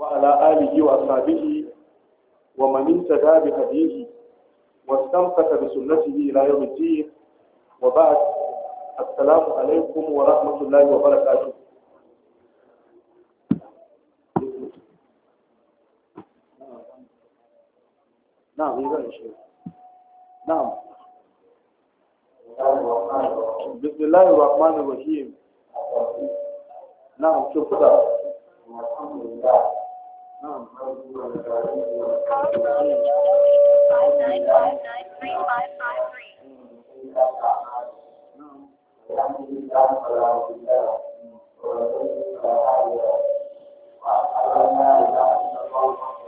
وعلى آله وأصحابه ومن انتدى بهديه واستمسك بسنته إلى يوم الدين وبعد السلام عليكم ورحمة الله وبركاته نعم نعم بسم الله الرحمن الرحيم نعم شو كده والحمد لله نعم الحمد لله ولا إله إلا الله وأشهد أن لا إله إلا الله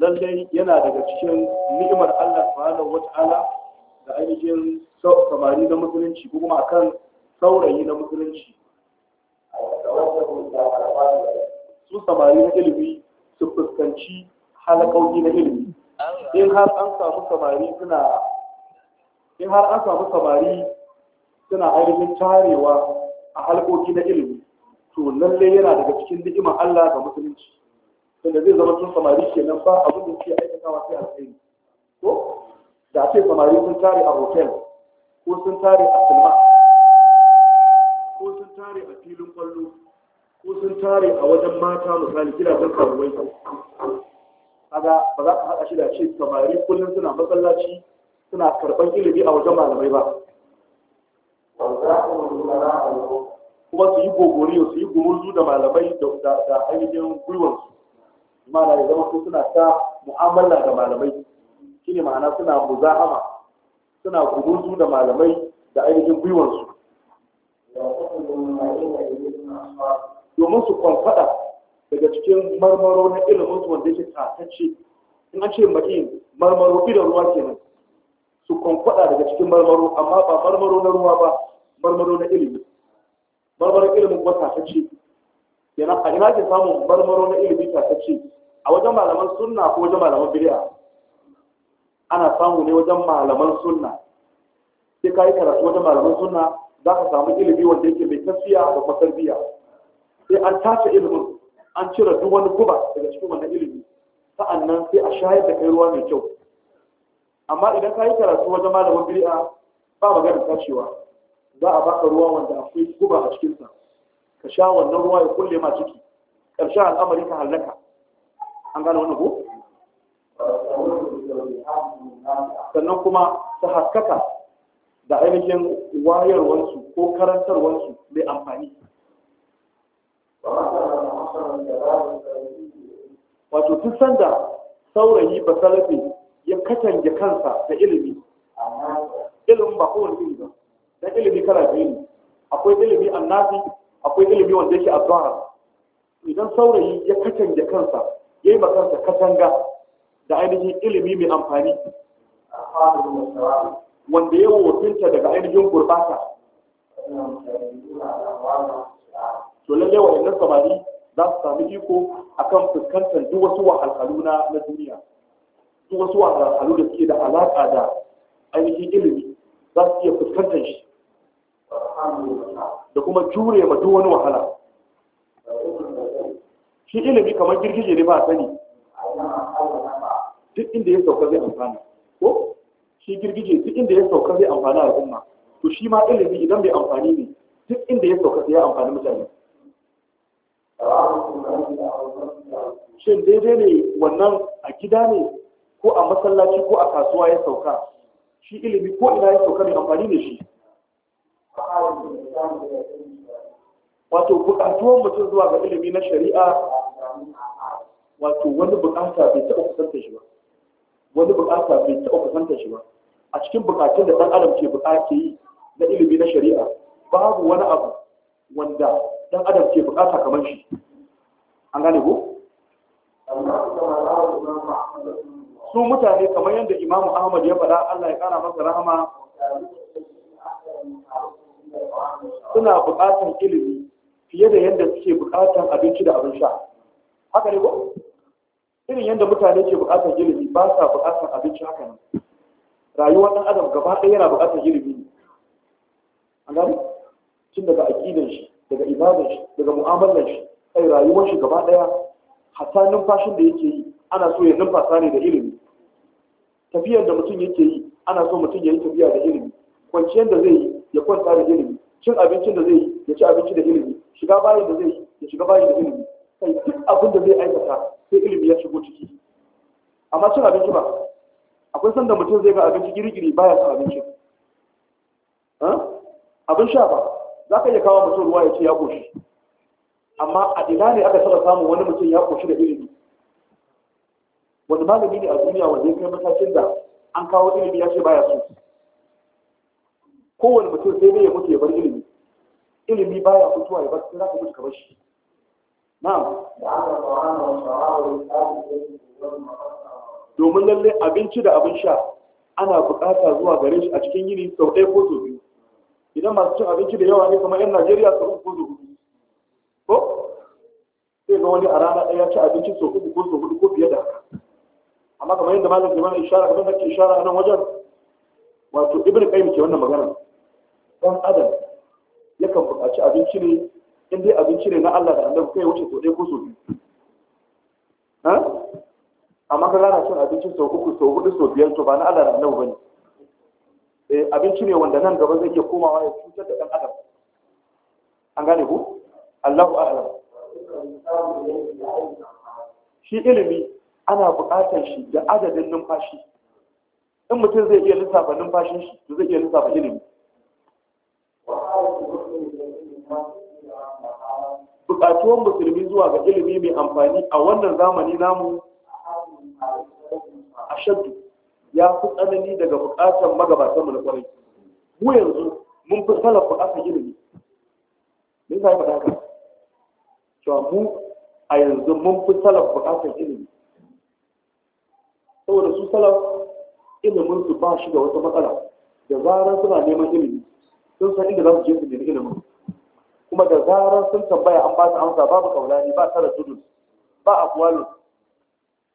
lallai yana daga cikin ni'imar Allah subhanahu wata'ala da ainihin samari na musulunci ko kuma akan saurayi na musulunci su samari na ilimi su fuskanci halakauki na ilimi in har an samu samari suna in har an samu samari suna ainihin tarewa a halkoki na ilimi to lallai yana daga cikin ni'imar Allah ga musulunci tunda zai zama sun samari nan, ba abin da aikata aikatawa sai alheri ko da ce samari sun tare a hotel ko sun tare a silma ko sun tare a filin kwallo ko sun tare a wajen mata misali gidajen karuwai kaga ba za ka haɗa shi da ce samari kullum suna masallaci suna karɓar ilimi a wajen malamai ba kuma su yi gogoriyo su yi gumurzu da malamai da ainihin gwiwansu mana ya zama su suna ta mu'amala da malamai ne ma'ana suna muzahama suna gudunsu da malamai da ainihin gwiwarsu domin su kwamfada daga cikin marmaro na ilimin su wanda yake tatacce in an ce mai marmaro idan ruwa kenan su kwamfada daga cikin marmaro amma ba marmaro na ruwa ba marmaro na ilimi marmaro ilimin kuma tatacce kenan a ina ke samun marmaro na ilimi tatacce a wajen malaman sunna ko wajen malaman bid'a ana samu ne wajen malaman sunna sai ka karatu wajen malaman sunna za ka samu ilimi wanda yake mai tafiya da kuma sai an tace ilimin an cire duk wani guba daga cikin wannan ilimi sa'annan sai a shayar da kai ruwa mai kyau amma idan ka yi karatu wajen malamin bid'a ba magana tacewa za a baka ruwa wanda akwai guba a cikinsa ka sha wannan ruwa ya kulle ma ciki ƙarshen al'amari ka hallaka an gane wannan ko sannan kuma ta haskaka da ainihin wayarwarsu ko karantarwarsu mai amfani wato duk sanda saurayi ba salafi ya katange kansa da ilimi ilimin ba kowane iri ba don ilimi kala biyu ne akwai ilimi annabi akwai ilimi wanda yake azhar idan saurayi ya katange kansa yayi ma kansa katanga da ainihin ilimi mai amfani wanda ya wofinta daga ainihin gurbata to lalle wa'annan samari za su sami iko akan fuskantar duk wasu wahalhalu na duniya duk wasu wahalhalu da suke da alaka da ainihin ilimi za su iya fuskantar shi da kuma jure ma duk wani wahala shi ilimi kamar girgije ne ba a sani duk inda ya sauka zai amfana ko shi girgije duk inda ya sauka zai amfana a umma, to shi ma ilimi idan bai amfani ne duk inda ya sauka zai amfani mutane shin daidai ne wannan a gida ne ko a masallaci ko a kasuwa ya sauka shi ilimi ko ina ya sauka mai amfani ne shi wato buƙatuwar mutum zuwa ga ilimi na shari'a wato wani buƙata bai taɓa kusanta shi ba wani buƙata bai taɓa kusanta shi ba a cikin buƙatun da ɗan adam ke buƙata yi na ilimi na shari'a babu wani abu wanda ɗan adam ke buƙata kamar shi an gane ko su mutane kamar yadda imamu ahmad ya faɗa allah ya ƙara masa rahama suna buƙatar ilimi fiye da yadda suke buƙatar abinci da abin sha haka ne ko irin yadda mutane ke buƙatar ilimi ba sa buƙatar abinci haka ne rayuwar ɗan adam gaba ɗaya yana buƙatar ilimi ne an gani tun daga aƙidar shi daga ibadar shi daga mu'amalar shi kai rayuwar shi gaba ɗaya hatta numfashin da yake yi ana so ya numfasa ne da ilimi tafiyar da mutum yake yi ana so mutum ya yi tafiya da ilimi kwanciyar da zai yi ya kwanta da ilimi cin abincin da zai yi ya ci abinci da ilimi shiga bayan da zai yi ya shiga bayan da ilimi kai duk abin da zai aikata sai ilimi ya shigo ciki amma cin abinci ba akwai sanda mutum zai ga abinci girgiri baya cin abinci abin sha ba za ka iya kawo mutum ruwa ya ce ya koshi amma a ina ne aka taɓa samun wani mutum ya koshi da ilimi wani malami ne a duniya wanda ya kai matakin da an kawo ilimi ya ce baya so kowane mutum sai dai ya mutu ya bar ilimi ilimi baya mutuwa ya bar za ka mutu ka bar shi na'am domin lalle abinci da abin sha ana bukata zuwa gare shi a cikin yini sau ɗaya ko sau biyu idan masu cin abinci da yawa ne kamar yan najeriya sau uku ko sau hudu ko sai ga wani a rana ɗaya ci abinci sau uku ko sau hudu ko fiye da haka amma kamar yadda malam ke mana ishara kamar da ke ishara a nan wajen wato ibn qayyim ke wannan magana dan adam yakan buƙaci abinci ne in dai abinci ne na Allah da annabi kai wuce sau ɗaya ko sau biyu amma ka gana cin abinci sau uku sau hudu sau biyar to ba na Allah da annabi bane eh abinci ne wanda nan gaba zai iya komawa ya cutar da ɗan adam an gane ku Allahu a'lam shi ilimi ana buƙatar shi da adadin numfashi in mutum zai iya lissafa numfashin shi to zai iya lissafa ilimi buƙatuwan musulmi zuwa ga ilimi mai amfani a wannan zamani namu a shaddu ya fi tsanani daga buƙatar mu na kwarai mu yanzu mun fi salaf buƙatar ilimi me yasa yi faɗa haka cewa mu a yanzu mun fi salaf buƙatar ilimi saboda su salaf ilimin su ba shi da wata matsala da zarar suna neman ilimi sun san inda za su je su nemi ilimin kuma da zarar sun tambaya an ba su amsa babu kaulani ba tara tudun ba a aqwalu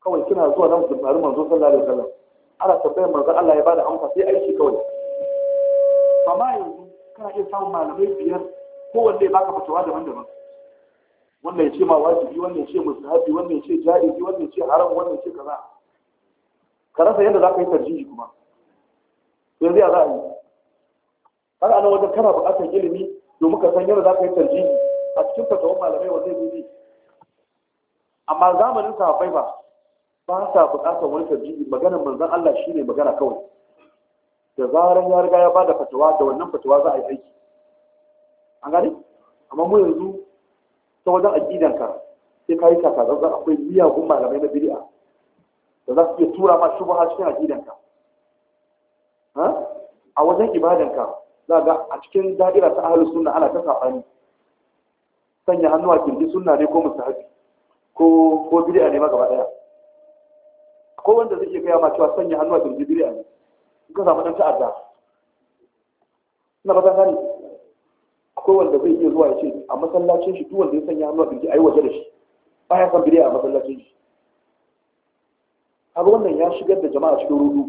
kawai kina zuwa nan dumbarin manzo sallallahu alaihi wasallam ana tambayar manzo Allah ya bada amsa sai aiki kawai amma yanzu kana iya samun malamai biyar kowanne baka fatawa daban-daban wannan ce ma wajibi ya ce musahabi wannan ce wanda wannan ce haram wannan ce kaza ka rasa yadda za ka yi tarjihi kuma yanzu ya za a yi har ana wajen kana buƙatar ilimi domin ka san yadda za ka yi tarji a cikin fatawan malamai wanda ya bi amma zamanin sahabbai ba ba sa buƙatar wani tarjihi maganar manzon Allah shi ne magana kawai da zaran ya riga ya bada fatawa da wannan fatawa za a yi aiki an gani? amma mu yanzu ta wajen aqidanka sai ka yi kakatsantsan akwai miyagun malamai na bid'a da za su iya tura ma shubha cikin aqidanka a wajen ibadanka za ga a cikin da'ira ta ahalus suna ana ta sabani sanya hannu a kirji sunna ne ko musu ko ko bid'a ne ma gaba daya ko wanda zai kai ma cewa sanya hannu a kirji bid'a ne in ka samu dan ta'adda ina ba ta gani ko wanda zai iya zuwa ya ce a masallacin shi duk wanda ya sanya hannu a yi ayi waje da shi ya san bid'a a masallacin shi abu wannan ya shigar da jama'a cikin rudu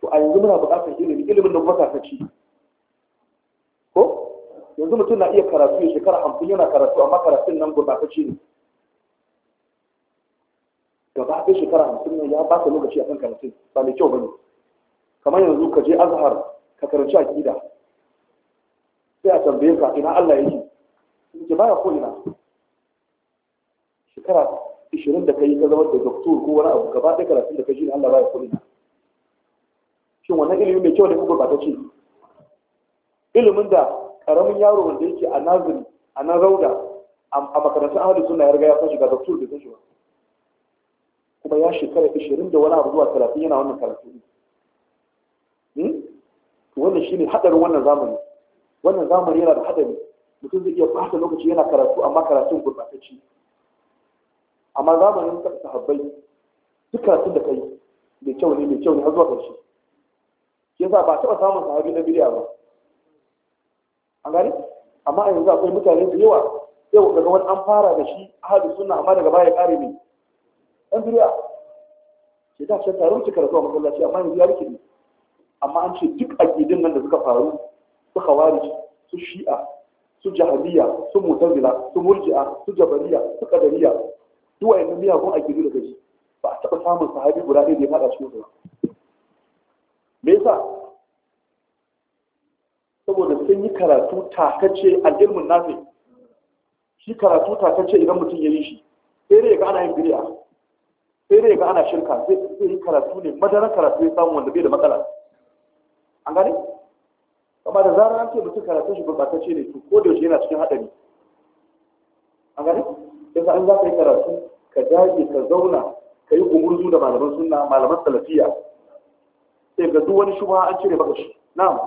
to a yanzu muna buƙatar ilimin da kuma kasance yanzu mutum na iya karatu ya shekara hamsin yana karatu amma karatun nan gurbatacce ne gaba ɗaya shekara hamsin ne ya ba ka lokaci kan karatun ba mai kyau ba ne kamar yanzu ka je azhar ka karanci akida sai a tambaye ka ina Allah yake ke baya ko ina shekara ishirin da kai ka zama da doktor ko wani abu gaba ɗaya karatun da kai shine Allah baya ko ina shin wannan ilimi mai kyau ne ko gurbatacce ilimin da karamin yaro wanda yake a nazari a nan rauda a makarantun ahalin suna ya riga ya san shiga doktor da san kuma ya shekara ishirin da wani abu zuwa talatin yana wannan karatu hmm? wannan shine hadarin wannan zamani wannan zamani yana da hadari mutum zai iya fata lokaci yana karatu amma karatun gurbatacce amma zamanin sa sahabbai duk karatun da kai mai kyau ne mai kyau ne har zuwa ƙarshe yasa ba taɓa samun sahabi na bidiya ba an gani amma a yanzu akwai mutane da yawa yau daga wani an fara da shi hadu suna, amma daga baya kare ne dan bid'a ke da shi taron cika karatu a masallaci amma yanzu ya rike ne amma an ce duk aƙidin nan da suka faru su khawarij su shi'a su jahiliya su mutazila su murji'a su jabariya su kadariya duk miya miyagun aƙidu da gaji, ba a taɓa samun sahabi guda ɗaya da ya faɗa cikin su ba me yasa sun yi karatu takacce a ilmin nafi shi karatu takacce idan mutum ya yi shi sai dai ga ana yin bid'a sai dai ga ana shirka sai yi karatu ne madaran karatu ya samu wanda bai da matsala an gane amma da zarar an ce mutum karatu shi gurbatacce ne to ko da yaushe yana cikin haɗari. an gane yasa an za ka yi karatu ka dage ka zauna ka yi gumurzu da malaman sunna malaman salafiya sai ga duk wani shubha an cire baka shi na'am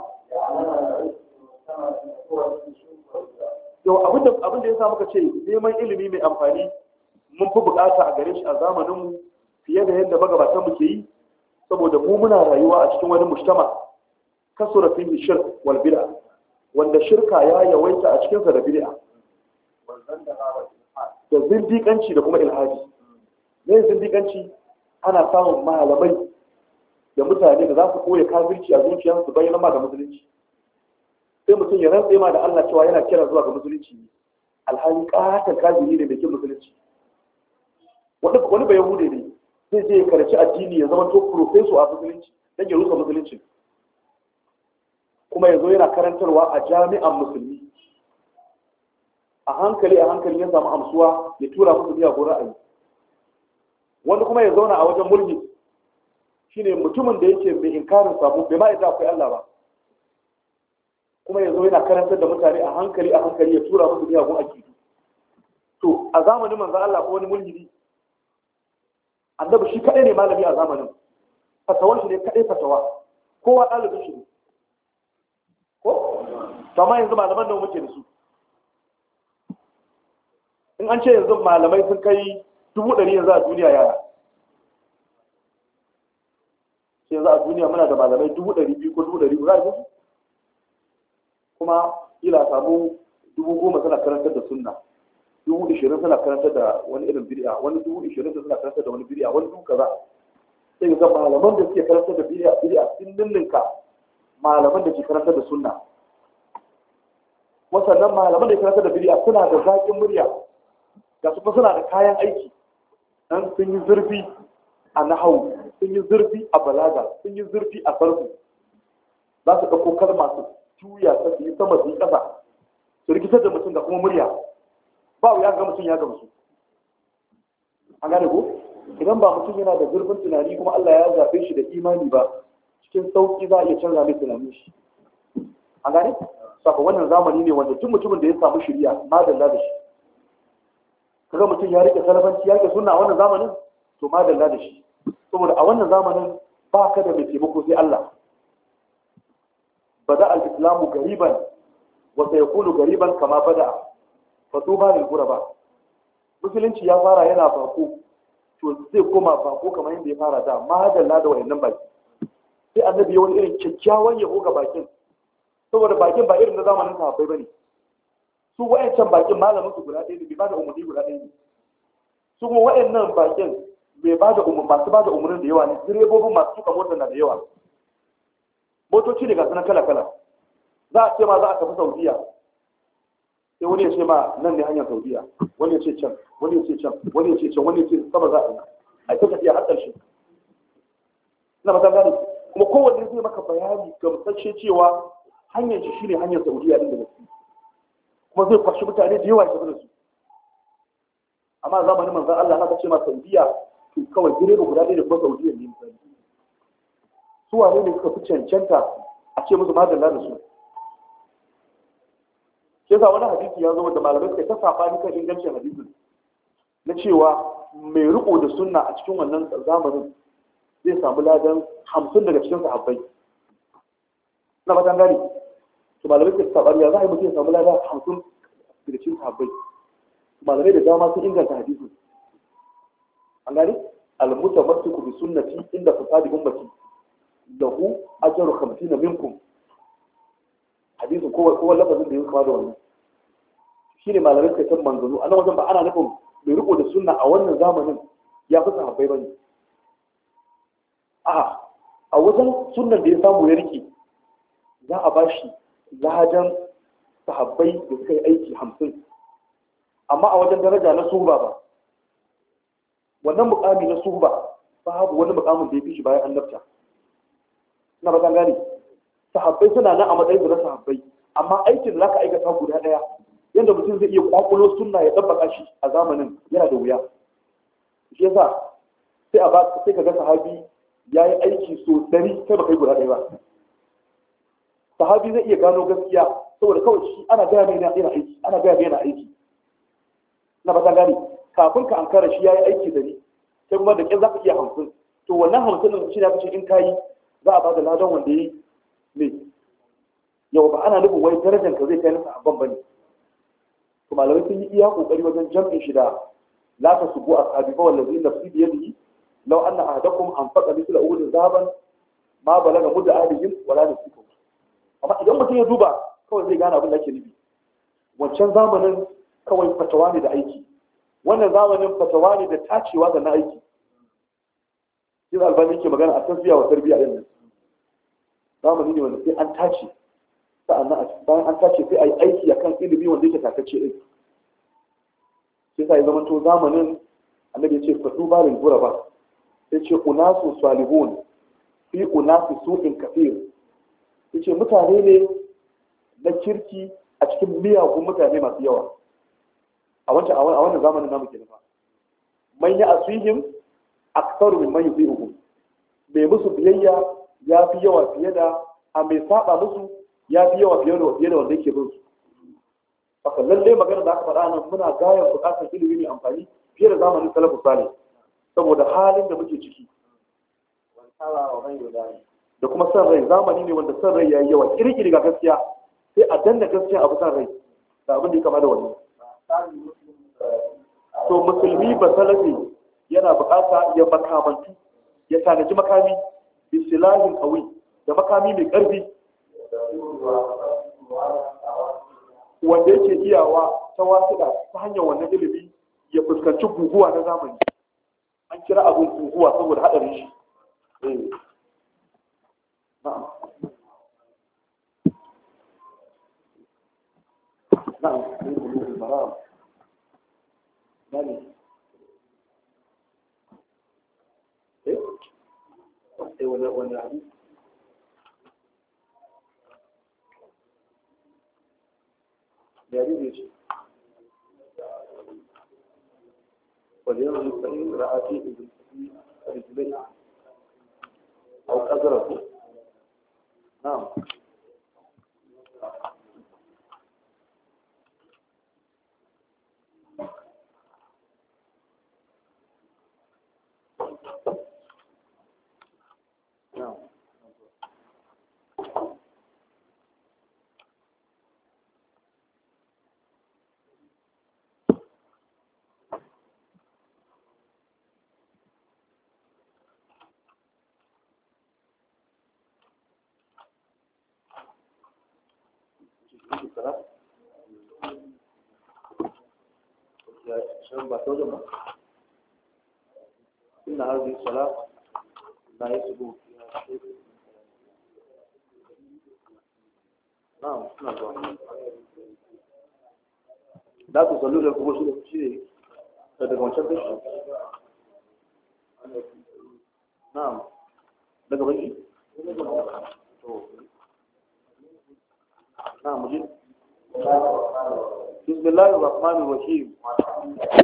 yau abinda ya sa muka ce neman ilimi mai amfani mun fi bukata a gare shi a zamaninmu fiye da yadda magabatan mu ke yi saboda mu muna rayuwa a cikin wani mujtama kasura fi shirk wal bid'a wanda shirka ya yawaita a cikin sa da bid'a da zindiƙanci da kuma ilhadi me zindiƙanci ana samun malamai da mutane da za su koya kafirci a zuciyarsu bayyana ma ga musulunci sai mutum ya rantse ma da Allah cewa yana kira zuwa ga musulunci alhali ƙatan kafiri ne bikin musulunci wani bai yahude ne zai je ya karanci addini ya zama to professor a musulunci dan ya rusa musulunci kuma ya zo yana karantarwa a jami'an musulmi a hankali a hankali ya samu amsuwa ya tura musu biya ko ra'ayi wani kuma ya zauna a wajen mulki shine mutumin da yake bai inkarin sabo bai ma yadda akwai Allah ba kuma yanzu yana karantar da mutane a hankali a hankali ya tura musu miyagun akidu to a zamanin manzo Allah ko wani mulhidi annabi shi kadai ne malami a zamanin fatawar shi ne kadai fatawa kowa dalibin shi ne ko to amma yanzu malaman da muke da su in an ce yanzu malamai sun kai dubu ɗari yanzu a duniya yaya yanzu a duniya muna da malamai dubu ɗari biyu ko dubu ɗari za a yi kuma ila samu dubu goma suna karantar da sunna dubu ishirin suna karantar da wani irin bid'a wani dubu ishirin suna karantar da wani bid'a wani dubu kaza sai ga malaman da suke karantar da bid'a bid'a sun lullunka malaman da ke karantar da sunna wasannan malaman da ke karantar da bid'a suna da zaƙin murya ga su suna da kayan aiki dan sun yi zurfi a nahawu sun yi zurfi a balaga sun yi zurfi a farko za su ɗauko kalma su juya ta su yi sama su ƙasa su rikitar da mutum da kuma murya ba wuya ga mutum ya ga mutum. an gane ko idan ba mutum yana da zurfin tunani kuma Allah ya zafe shi da imani ba cikin sauki za a iya canza mai tunanin shi an gane saka wannan zamani ne wanda duk mutumin da ya samu shirya madalla da shi kaga mutum ya rike salafanci ya rike sunna a wannan zamanin to madalla da shi saboda a wannan zamanin ba ka da mai taimako sai Allah بدا al-islamu gariban wa كما gariban kama bada fatuba lil ghuraba musulunci ya fara yana bako to zai koma bako kamar yadda ya fara da na da wayannan baki sai annabi ya wani irin kyakkyawan ya ga bakin saboda bakin ba irin na zamanin bai bane su wayancan bakin malamin su guda ɗaya ne bai bada umarni guda ɗaya ne su kuma wayannan bakin bai bada umarni masu bada umarni da yawa ne direbobin masu tuka motar na da yawa motoci ne ga sunan kala-kala za a ce ma za a tafi saudiya sai wani ya ce ma nan ne hanyar saudiya wani ya ce can wani ya ce can wani ya ce can wani ya ce sama za a yi a ita tafiya har ƙarshe na ba gane kuma kowanne zai maka bayani gamsashe cewa hanyar shi ne hanyar saudiya ɗin da gaske kuma zai kwashi mutane da yawa ya tafi da su amma zamanin manzan Allah na ta ce ma saudiya to kawai direba guda ɗaya da kuma saudiya ne su wane ne suka fi cancanta a ce musu madalla da su ke sa wani hadisi ya zo da malamai suka ta ni kan ingancin hadisin na cewa mai riko da sunna a cikin wannan zamanin zai samu ladan hamsin daga cikin sahabbai na ba gani su malamai suka safani ya za a yi mutum ya samu ladan hamsin daga cikin sahabbai malamai da dama sun inganta hadisin an gani al-mutamassiku bi sunnati inda fasadi ummati lahu ajru khamsina minkum hadisin kowa kowa lafazin da yake kama da wannan shine malamin suka san manzo a nan wajen ba ana nufin bai riko da sunna a wannan zamanin ya fi sahabbai bane a'a a wajen sunnan da ya samu ya rike za a bashi ladan sahabbai da suka yi aiki hamsin amma a wajen daraja na suhba ba wannan mukami na suhba babu wani mukamin da ya fi shi bayan annabta na ba gane sahabbai suna nan a matsayin guda sahabbai amma aikin da zaka aikata guda daya yadda mutum zai iya kwakulo sunna ya tabbaka shi a zamanin yana da wuya shi yasa sai a ba sai ka ga sahabi ya yi aiki so dari sai ba kai guda daya ba sahabi zai iya gano gaskiya saboda kawai shi ana gaya mai yana aiki ana gaya mai yana aiki na ba gane kafin ka ankara shi ya yi aiki dari sai kuma da ƙin za ka iya hamsin to wannan hamsin din shi ne aka ce in ka yi za a ba da ladan wanda ya ne yau ba ana nufin wai darajar ka zai kai nasa abban bane to malamai sun yi iya kokari wajen jam'in shi da la ta subu ashabi fa wallazi nafsi bi yadihi an anna ahadakum anfaqa mithla uhud zahaban ma ga muda ahlihim wala su amma idan mutum ya duba kawai zai gane abin da ake nufi wancan zamanin kawai fatawa ne da aiki wannan zamanin fatawa ne da tacewa da na aiki shi albani ke magana a tasbiya wa tarbiya din nan zamani ne wanda sai an tace sa'annan bayan an tace sai a yi aiki a kan ilimi wanda yake takacce din sai sa ya zama to zamanin annabi ya ce fadu ba lil ba. sai ce unasu salihun fi unasu su'in kafir sai ce mutane ne na kirki a cikin miyagun mutane masu yawa a wancan a wannan zamanin namu kenan man ya asihim aktaru min man yuzi'uhum Me musu biyayya ya fi yawa fiye da a mai saba musu ya fi yawa fiye da wanda yake bin su haka lallai magana da aka faɗa nan muna gayar buƙatar ilimi mai amfani fiye da zamanin salafu sale saboda halin da muke ciki da kuma san rai zamani ne wanda san rai ya yi yawa ƙirƙiri ga gaskiya sai a danna gaskiya abu san rai da abin da ya kama da wani to musulmi ba salafi yana buƙata ya makamantu ya tanaji makami bisilahin awi da makami mai karfi wanda yake iyawa ta wasuɗa ta hanyar wannan ilimi ya fuskanci guguwa na zamani an kira abin guguwa saboda haɗarin shi eh. eh? ولا ولا يجب وليرى الفقير رعاته بالبنع أو أزرقه نعم Thank you. wajen ba ta wajen ba inna hadhihi salat la na na'am suna zuwa da da kuma shi da ne da daga wancan kashi na'am daga baki na'am mujin بسم الله الرحمن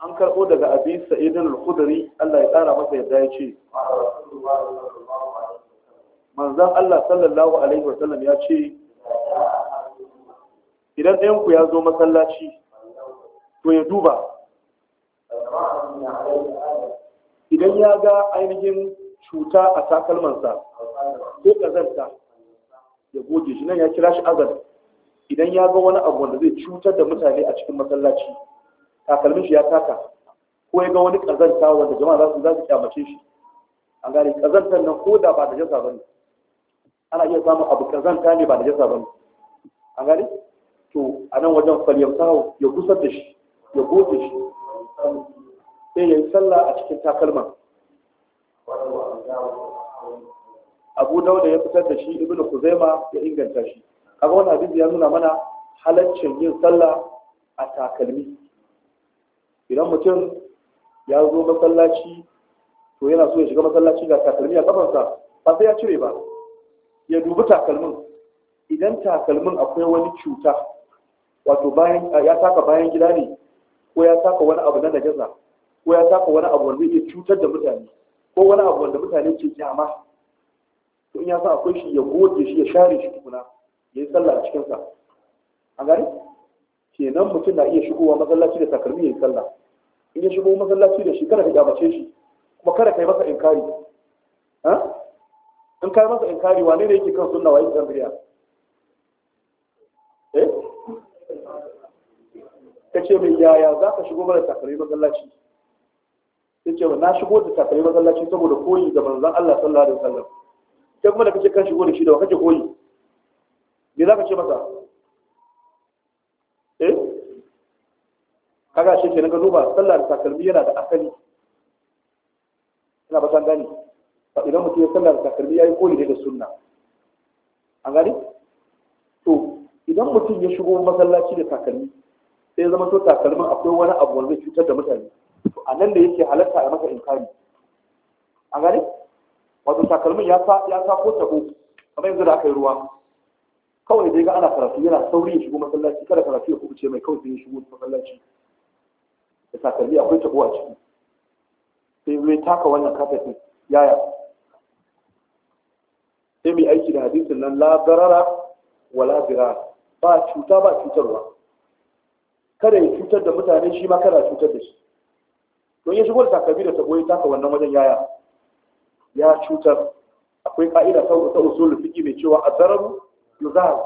an karɓo daga abin sa'idin al-khudri Allah ya ƙara masa yadda ya ce manzan Allah sallallahu alaihi wa sallam ya ce idan ɗayan ku ya zo masallaci to ya duba idan ya ga ainihin cuta a takalmansa ko ƙazanta ya goge shi nan ya kira shi azar idan ya ga wani abu wanda zai cutar da mutane a cikin masallaci takalmin shi ya taka ko ya ga wani kazanta wanda jama'a za su za su kyamace shi an gane kazantar nan ko da ba da jasa bane ana iya samun abu kazanta ne ba da jasa bane an gane to a nan wajen falyamta ya kusar da shi ya goge shi sai ya yi sallah a cikin takalman abu dauda ya fitar da shi ibnu kuzaima ya inganta shi kaga wannan hadisi ya nuna mana halaccin yin sallah a takalmi idan mutum ya zo masallaci to yana so ya shiga masallaci ga takalmi a kafarsa ba sai ya cire ba ya dubi takalmin idan takalmin akwai wani cuta wato bayan ya taka bayan gida ne ko ya taka wani abu na najasa ko ya taka wani abu wanda ya cutar da mutane ko wani abu wanda mutane ke kyama to in ya sa akwai shi ya goge shi ya share shi tukuna ya yi sallah a cikinsa A gani kenan mutum na iya shigowa masallaci da takalmi ya yi sallah in ya shigo masallaci da shi kada ka gabace shi kuma kada ka yi masa inkari in ka yi masa inkari wane ne yake kan sunna wa yake zambiya eh ka ce mai yaya za ka shigo mana takalmi masallaci sai ce na shigo da takalmi masallaci saboda koyi da manzon Allah sallallahu alaihi wasallam kai kuma da kace kan shigo da shi da kake koyi me za ka ce masa kaga shi ke naga duba sallah da takalmi yana da asali ina ba san gani idan mutum ya sallah da takalmi yayi koyi ne da sunna an gani to idan mutum ya shigo masallaci da takalmi sai ya zama to takalmin akwai wani abu wanda zai cutar da mutane to a nan da yake halatta a masa inkari an gani wato takalmin ya sa ya sa ko tabo kamar yanzu da aka yi ruwa kawai dai ga ana karatu yana sauri ya shigo masallaci kada karatu ya kubuce mai kawai sai ya shigo masallaci da takalmi akwai tabo a ciki sai mai taka wannan kafafin yaya sai mai aiki da hadisin nan labarara wa la ba cuta ba cutarwa kada ya cutar da mutane shi ma kada cutar da shi don ya shigo da takalmi da tabo ya taka wannan wajen yaya ya cutar akwai ka'ida ta usul fiqi mai cewa a azararu yuzar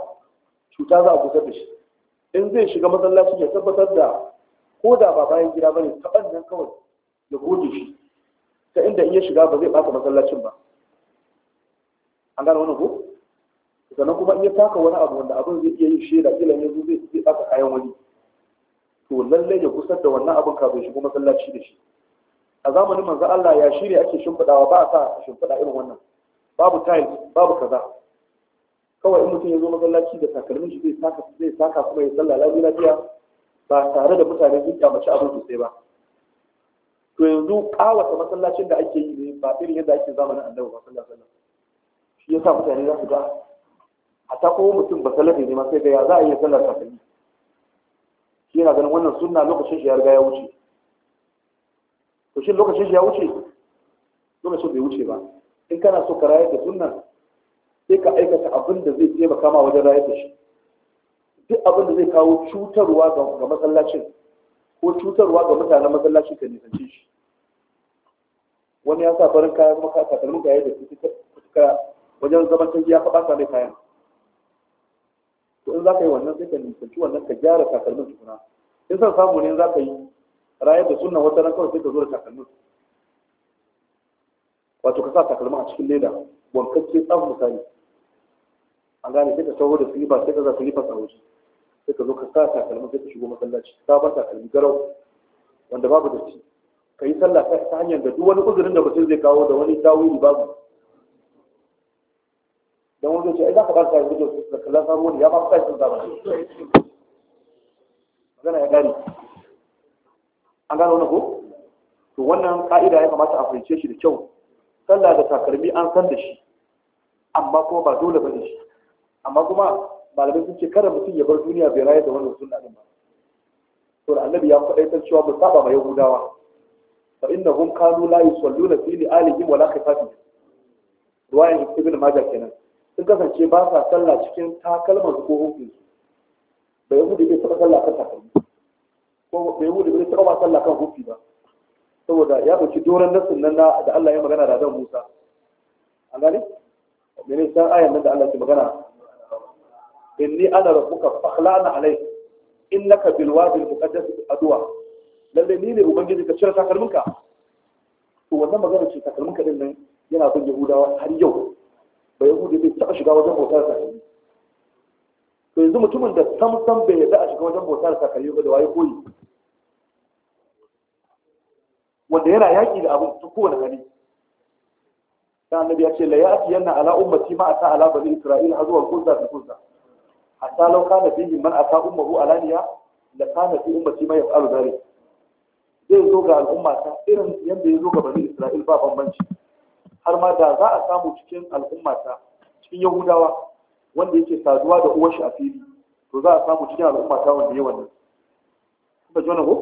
cuta za a cutar da shi in zai shiga masallaci ya tabbatar da ko da ba bayan gida ba ne taban nan kawai ya goge shi ta inda in ya shiga ba zai baka masallacin ba an gane wani ko sannan kuma in ya taka wani abu wanda abin zai iya yin shaida kila yanzu zai zai ɓata kayan wani to lallai ya kusa da wannan abin kafin shigo masallaci da shi a zamanin manzo Allah ya shirya ake shimfidawa ba a sa shimfida irin wannan babu tiles babu kaza kawai in mutum ya zo masallaci da takalmin shi zai saka zai saka kuma ya sallah lafiya lafiya ba tare da mutane sun kyamaci abin sosai ba to yanzu kawata masallacin da ake yi ne ba irin yadda ake zamanin annabi ba sallallahu alaihi shi yasa mutane za su ga hatta ko mutum ba salafi ne ma sai ga ya za a iya sallar takalmi shi yana ganin wannan sunna lokacin shi ya riga ya wuce to shi lokacin shi ya wuce lokacin bai wuce ba in kana so ka rayar da sunnan sai ka aikata abin da zai taimaka ma wajen rayar da shi duk abin da zai kawo cutarwa ga masallacin ko cutarwa ga mutanen masallacin ka nisanci shi wani ya sa farin kayan kuma ka takalmin kaya da kuka wajen zaman ta ya faɓa sa mai kayan to in za ka yi wannan sai ka nisanci wannan ka gyara takalmin tukuna in san samu ne za ka yi rayar da sunan wata ran kawai sai ka zo da takalmin wato ka sa takalmin a cikin leda wankacce tsawon misali an gane sai ka taho da silifas sai ka za silifas a waje sai ka zo ka sa takalmi sai ka shigo masallaci ka ba takalmi garau wanda babu da shi. ka yi sallah ta hanyar da duk wani uzurin da mutum zai kawo da wani tawili babu dan wani ce ai za ka ba ka yi gudu da kallon samu wani ya ba ka yi zamani magana ya gane an gane wani ko to wannan ka'ida ya kamata a fahimce shi da kyau sallah da takalmi an san da shi amma kuma ba dole ba ne shi amma kuma malamai sun ce kada mutum ya bar duniya bai rayar da wannan sunna din ba to annabi ya faɗa ita cewa mu saba ma yahudawa fa innahum kanu la yusalluna fi alihim wa la khifafihim ruwayan ibn majah kenan sun kasance ba sa sallah cikin takalman ko hukun bai yahudi bai taɓa sallah kan takalmi ko bai yahudi bai taɓa ba sallah kan hukki ba saboda ya ɗauki doron nassin nan da Allah ya magana da dan Musa an gane mene san ayan nan da Allah ke magana inni ana rabbuka fakhlana alai innaka bil wadi al muqaddas adwa lalle ni ne ubangiji ka cire takalminka to wannan magana ce takalminka din nan yana bin yahudawa har yau ba yahudi bai taɓa shiga wajen bautar takalmi to yanzu mutumin da samsam bai yarda a shiga wajen bautar takalmi ba da waye koyi wanda yana yaƙi da abin ta kowane hali ta annabi ya ce la ya'ti yanna ala ummati ma ata ala bani isra'ila hazwa al-qudda fi qudda hatta law kana bihi man ata ummuhu alaniya la kana fi ummati ma yaf'alu dhalik zai zo ga al'umma ta irin yadda ya zo ga bani Isra'il ba bambanci har ma da za a samu cikin al'umma ta cikin Yahudawa wanda yake saduwa da uwar shi a fili to za a samu cikin al'umma ta wanda yawan nan kuma wani ko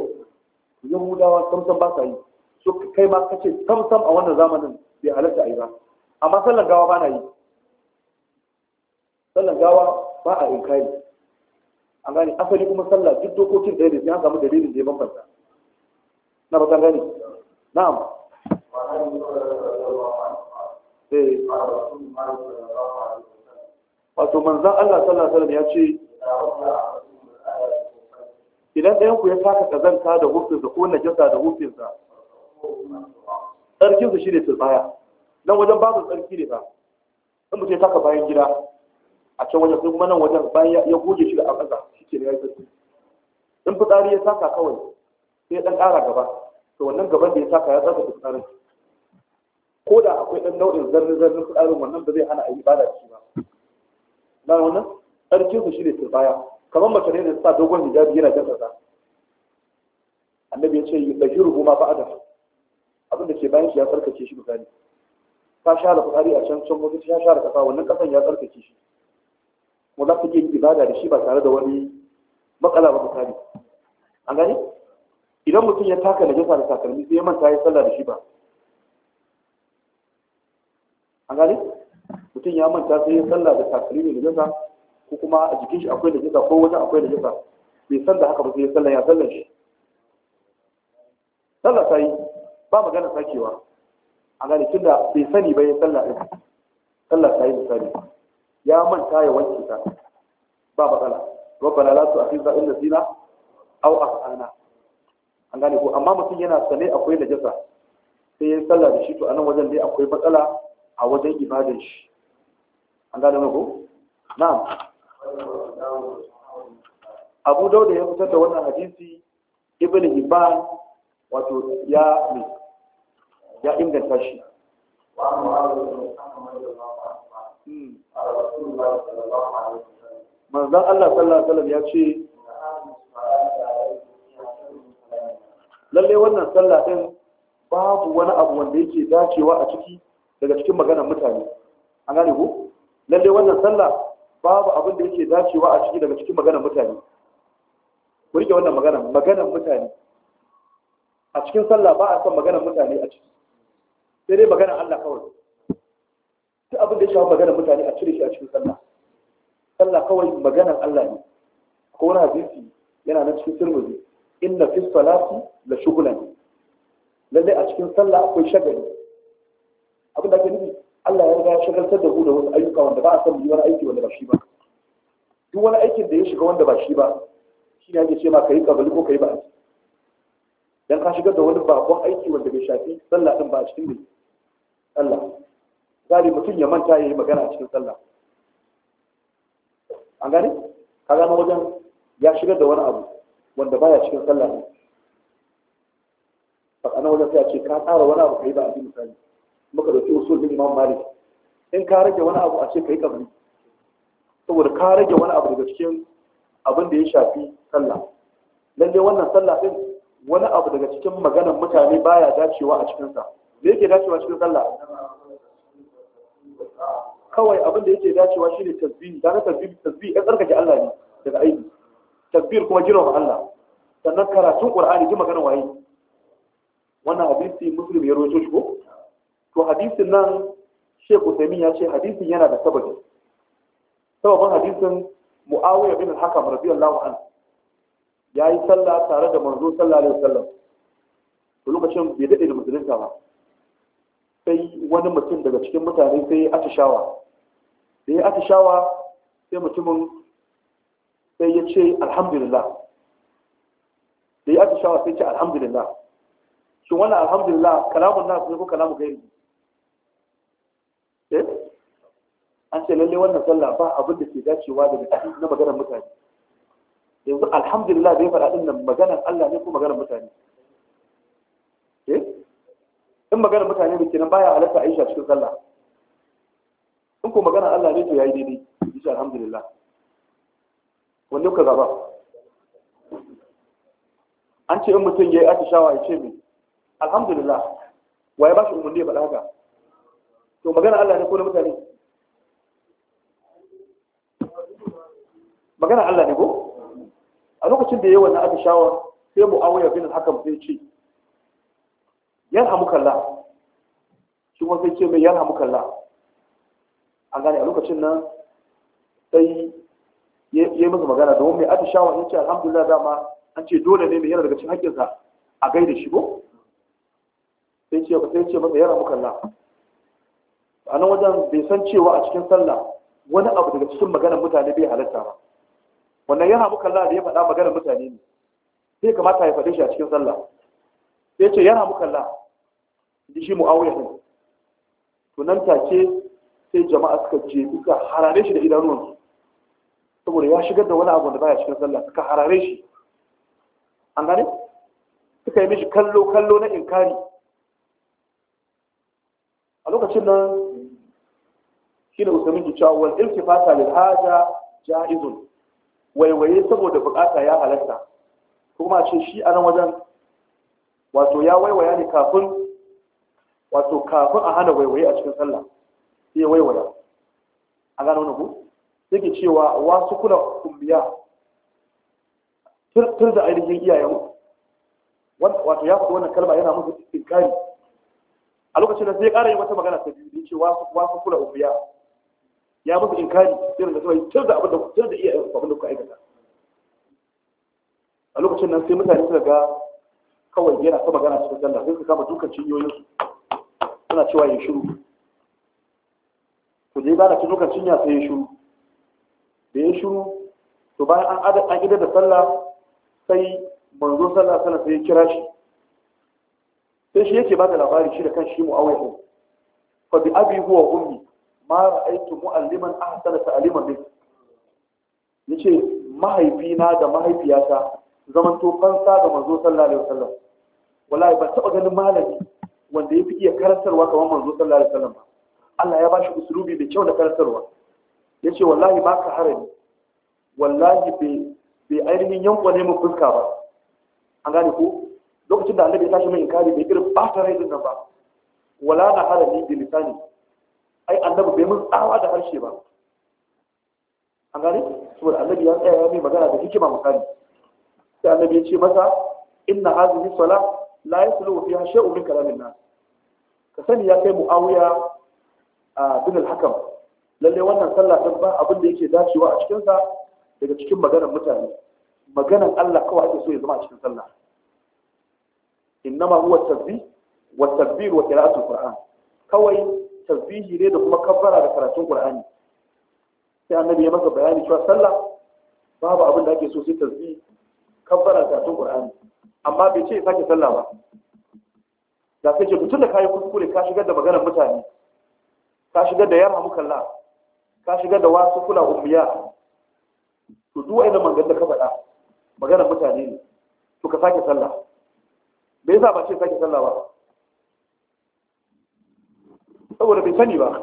Yahudawa samsam ba sa yi so kai ma ka ce samsam a wannan zamanin bai halatta a yi ba amma sallan gawa ba na yi sallan gawa ba a inkari an gane asali kuma sallah duk dokokin ɗaya da sai an samu dalilin da ya bambanta na ba san gane na'am eh. wato manzan Allah sallallahu alaihi ya ce idan ɗayan ku ya taka kazanta da hufinsa ko na jasa da hufinsa tsarkinsa shi ne turbaya nan wajen babu tsarki ne ba in mutum ya taka bayan gida a can wajen sun kuma nan wajen bayan ya goge shi da a ƙasa shi ke ya yi sassi in fitsari ya saka kawai sai ya ɗan ƙara gaba to wannan gaban da ya saka ya tsarkake fitsarin ko da akwai ɗan nau'in zarrin zarrin fitsarin wannan ba zai hana a yi ba da shi ba na wannan ƙarfin su shi ne turbaya kamar mace ne da sa dogon hijabi yana jan ƙasa annabi ya ce da rubu ma ba'ada abin da ke bayan shi ya tsarkake shi misali ta share fitsari a can can wajen ta share ƙasa wannan ƙasan ya tsarkake shi kuma za ku iya ibada da shi ba tare da wani matsala ba misali an gani, idan mutum ya taka da najasa da takalmi sai ya manta ya sallah da shi ba an gani, mutum ya manta sai ya sallah da takalmi da najasa ko kuma a jikin shi akwai najasa ko wajen akwai da najasa bai san da haka ba sai ya sallah ya sallah shi sallah ta yi ba magana sakewa a gani tunda bai sani ba ya sallah din sallah ta yi misali ya manta ya wanke ta ba matsala rabbana la tu'akhidna in nasina aw akhtana an gane ko amma mutum yana sane akwai najasa sai ya salla da shi to anan wajen dai akwai matsala a wajen ibadan shi an gane ko na'am Abu Dawud ya fitar da wannan hadisi Ibn Hibban wato ya ya inganta shi manzan Allah sallallahu alaihi ya ce lalle wannan sallah din babu wani abu wanda yake dacewa a ciki daga cikin maganar mutane an gane ku lalle wannan sallah babu abin da yake dacewa a ciki daga cikin maganar mutane ku rike wannan magana maganar mutane a cikin sallah ba a son maganar mutane a ciki sai dai maganar Allah kawai duk abin da ya shafi maganar mutane a cire shi a cikin sallah sallah kawai maganar Allah ne ko wani hadisi yana nan cikin sirmuzi inna fi salati la shughlan lalle a cikin sallah akwai shagali abin da ke nufi Allah ya riga ya shagaltar da ku da wasu ayyuka wanda ba a san yi wani aiki wanda ba shi ba duk wani aikin da ya shiga wanda ba shi ba shi ne ake ce ma ka kai kabali ko ka yi ba dan ka shigar da wani bakon aiki wanda bai shafi sallah din ba a cikin sallah? misali mutum ya manta ya yi magana a cikin sallah an gane ka gano wajen ya shigar da wani abu wanda baya cikin sallah ne a nan wajen sai a ce ka tsara wani abu ka yi ba a ji misali muka dauki usul din imam malik in ka rage wani abu a ce ka yi kabari saboda ka rage wani abu daga cikin abin da ya shafi sallah lalle wannan sallah din wani abu daga cikin maganar mutane baya dacewa a cikinsa me yake dacewa cikin sallah kawai abin da yake dacewa shine tasbih da na tasbih tasbih ya tsarkake Allah ne daga aiki tasbih kuma jiran Allah sannan karatun Qur'ani ji maganar waye wannan hadisi muslim ya rawaito shi ko to hadisin nan Sheikh Uthaymeen ya ce hadisin yana da sababi sababin hadisin Muawiya bin al-Hakam radiyallahu anhu yi sallah tare da manzo sallallahu alaihi wasallam to lokacin bai dade da musulunta ba sai wani mutum daga cikin mutane sai ya shawara da ya atishawa sai mutumin sai ya ce alhamdulillah da ya atishawa sai ce alhamdulillah shi wannan alhamdulillah kalamun nasu ne ko kalamun gairi eh an ce lalle wannan sallah ba abin da ke dacewa da na maganar mutane yanzu alhamdulillah da ya faɗa ɗin nan maganar Allah ne ko maganar mutane eh in maganar mutane ne kenan baya halatta Aisha cikin sallah in ko magana Allah ne to yayi daidai insha alhamdulillah wanda ka zaba an ce in mutum yayi atishawa ya ce me alhamdulillah waye ba shi umarni ya balaga? to magana Allah ne ko na mutane magana Allah ne ko a lokacin da yayi wannan atishawa sai mu awaya bin hakan sai ce yarhamukallah shi kuma sai ce mai yarhamukallah an gane a lokacin nan sai ya yi masa magana domin mai atishawa ya ce alhamdulillah dama an ce dole ne mai yana daga cikin haƙƙinsa a gaida shi ko sai ce sai ce masa yara mukalla a nan wajen bai san cewa a cikin sallah wani abu daga cikin maganar mutane bai halatta ba wannan yana mukalla da ya faɗa maganar mutane ne sai kamata ya faɗe shi a cikin sallah sai ce yana mukalla da shi mu'awiyar ne to nan take sai jama'a suka je suka harare shi da idanuwansu saboda ya shigar da wani abu da baya cikin sallah suka harare shi an gane suka yi mishi kallo kallo na inkari a lokacin nan shi ne usamin ki cewa wal iltifata lil haja jaizun waiwaye saboda bukata ya halatta kuma ce shi a nan wajen wato ya waiwaya ne kafin wato kafin a hana waiwaye a cikin sallah sai waiwaya a gano wani ku yake cewa wasu kula kumbiya tun da ainihin iyayen wato ya faɗi wannan kalma yana musu inkari a lokacin da sai ƙara yin wata magana ta biyu ce wasu kula kumbiya? ya musu inkari sai da kawai tun da abin da tun da iyayen abin da kuka aikata a lokacin nan sai mutane suka ga kawai yana ta magana cikin sallah sai su kama dukkan cinyoyinsu suna cewa ya shiru ku je bada tun lokacin ya sai shiru da ya shiru to bayan an adar an idar da sallah sai manzo sallah sana sai ya kira shi sai shi yake bada labari shi da kan shi mu'awai din fa bi abi huwa ummi ma ra'aytu mu'alliman ahsana ta'liman bi yace mahaifina da mahaifiyata zaman to fansa ga manzo sallallahu alaihi wasallam wallahi ba taba ganin malami wanda ya fi iya karantarwa kamar manzo sallallahu alaihi wasallam ba Allah ya bashi usulubi mai kyau da karsarwa. ya ce wallahi ba ka harami wallahi bai ainihin ne mu fuska ba an gane ko lokacin da annabi ya tashi mai inkari bai irin ba ta raidin nan ba wala na harami bi lisani ai annabi bai mun tsawa da harshe ba an gane saboda annabi ya tsaya ya mai magana da hikima misali sai annabi ya ce masa inna hadhihi salat la yasluhu fiha shay'un min kalamin nas ka sani ya kai muawiya a binin hakan. lalle wannan sallah din ba abin da yake dacewa a cikin sa daga cikin maganar mutane maganar Allah kawai ake so ya zama a cikin sallah innama huwa tasbih wa tadbir wa qira'atul qur'an kawai tasbihi ne da kuma kabbara da karatun qur'ani sai annabi ya masa bayani cewa sallah babu abin da ake so sai tasbih kabbara da karatun qur'ani amma bai ce sake sallah ba da sai ce mutum da kayi kuskure ka shigar da maganar mutane ka shiga da yara mukalla ka shiga da wasu kula ummiya to duk wani mangan da ka faɗa maganar mutane ne to ka sake sallah me yasa ba ce sake sallah ba saboda bai sani ba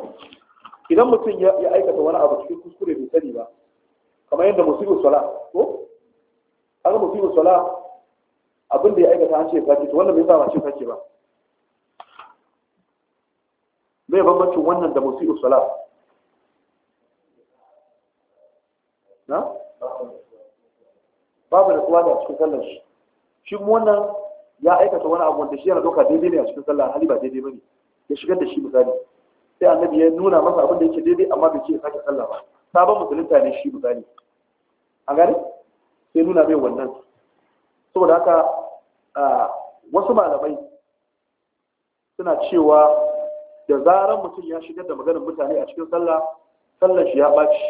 idan mutum ya aikata wani abu cikin kuskure bai sani ba kamar yadda musibu sala ko kaga musibu sala abin da ya aikata an ce sake to wannan bai yasa ba ce sake ba mai bambancin wannan da musu usula na babu da kuwa da cikin sallar shi shi wannan ya aikata wani abu wanda shi yana doka daidai ne a cikin sallah hali ba daidai bane ya shigar da shi misali sai annabi ya nuna masa abin da yake daidai amma bai ce ya sake sallah ba sabon musulunta ne shi misali a gani sai nuna mai wannan saboda haka ah, wasu malamai suna cewa da zarar mutum ya shigar da maganin mutane a cikin sallah sallar shi ya ɓaci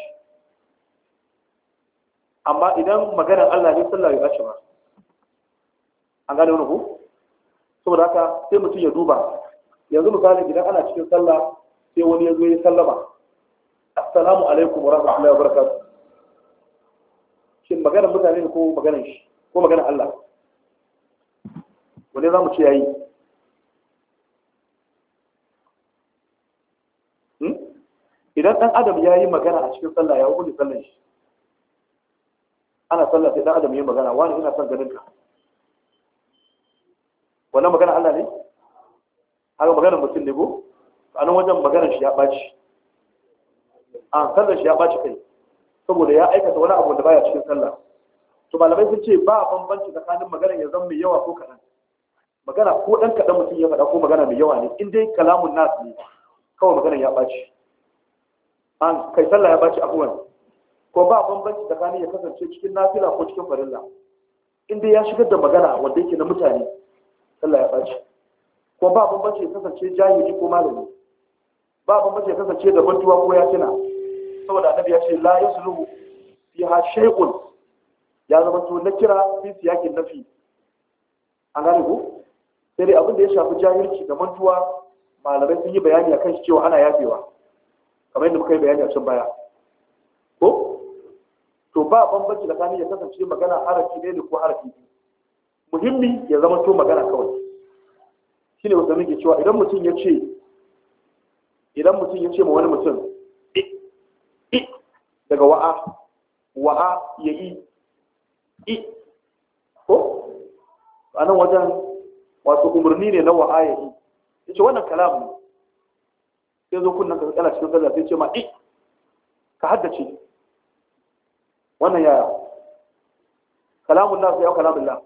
amma idan maganar Allah ne sallah ya ɓaci ba an gane wani ku saboda haka sai mutum ya duba yanzu misali idan ana cikin sallah sai wani ya zo ya sallama assalamu alaikum wa rahmatullahi wa barakatuh shin maganar mutane ne ko maganar shi ko maganar Allah wani za mu ce yayi idan ɗan adam ya yi magana a cikin sallah ya hukunta sallan shi ana sallah sai ɗan adam ya yi magana wani ina son ganin ka wannan magana Allah ne haka magana mutum ne ko a nan wajen maganar shi ya ɓaci a sallar shi ya ɓaci kai saboda ya aikata wani abu da baya cikin sallah to malamai sun ce ba a bambanci tsakanin magana ya zama mai yawa ko kaɗan magana ko ɗan kaɗan mutum ya faɗa ko magana mai yawa ne in dai kalamun nasu ne kawai maganar ya ɓaci an kai sallah ya baci abuwan ko ba bambanci tsakanin ya kasance cikin nafila ko cikin farilla inda ya shigar da magana wanda yake na mutane sallah ya baci ko ba bambanci ya kasance jahili ko malami ba bambanci ya kasance da bantuwa ko ya tuna saboda annabi ya ce la yasluhu ha shay'un ya zama to na kira fi siyakin nafi an gane ko sai dai abin da ya shafi jahilci da mantuwa malamai sun yi bayani akan shi cewa ana yafewa kamar yadda muka yi bayani a can baya ko to ba bambanci tsakanin ya kasance magana harafi ne ko harafi biyu muhimmi ya zama to magana kawai shine wanda muke cewa idan mutum ya ce idan mutum ya ce ma wani mutum i daga wa'a wa'a ya yi i ko a nan wajen wato umarni ne na wa'a ya yi ya ce wannan kalam sai zo kunna ka kana cikin sallah sai ce ma i eh, ka haddace wannan yaya kalamun nasu ya kalamun la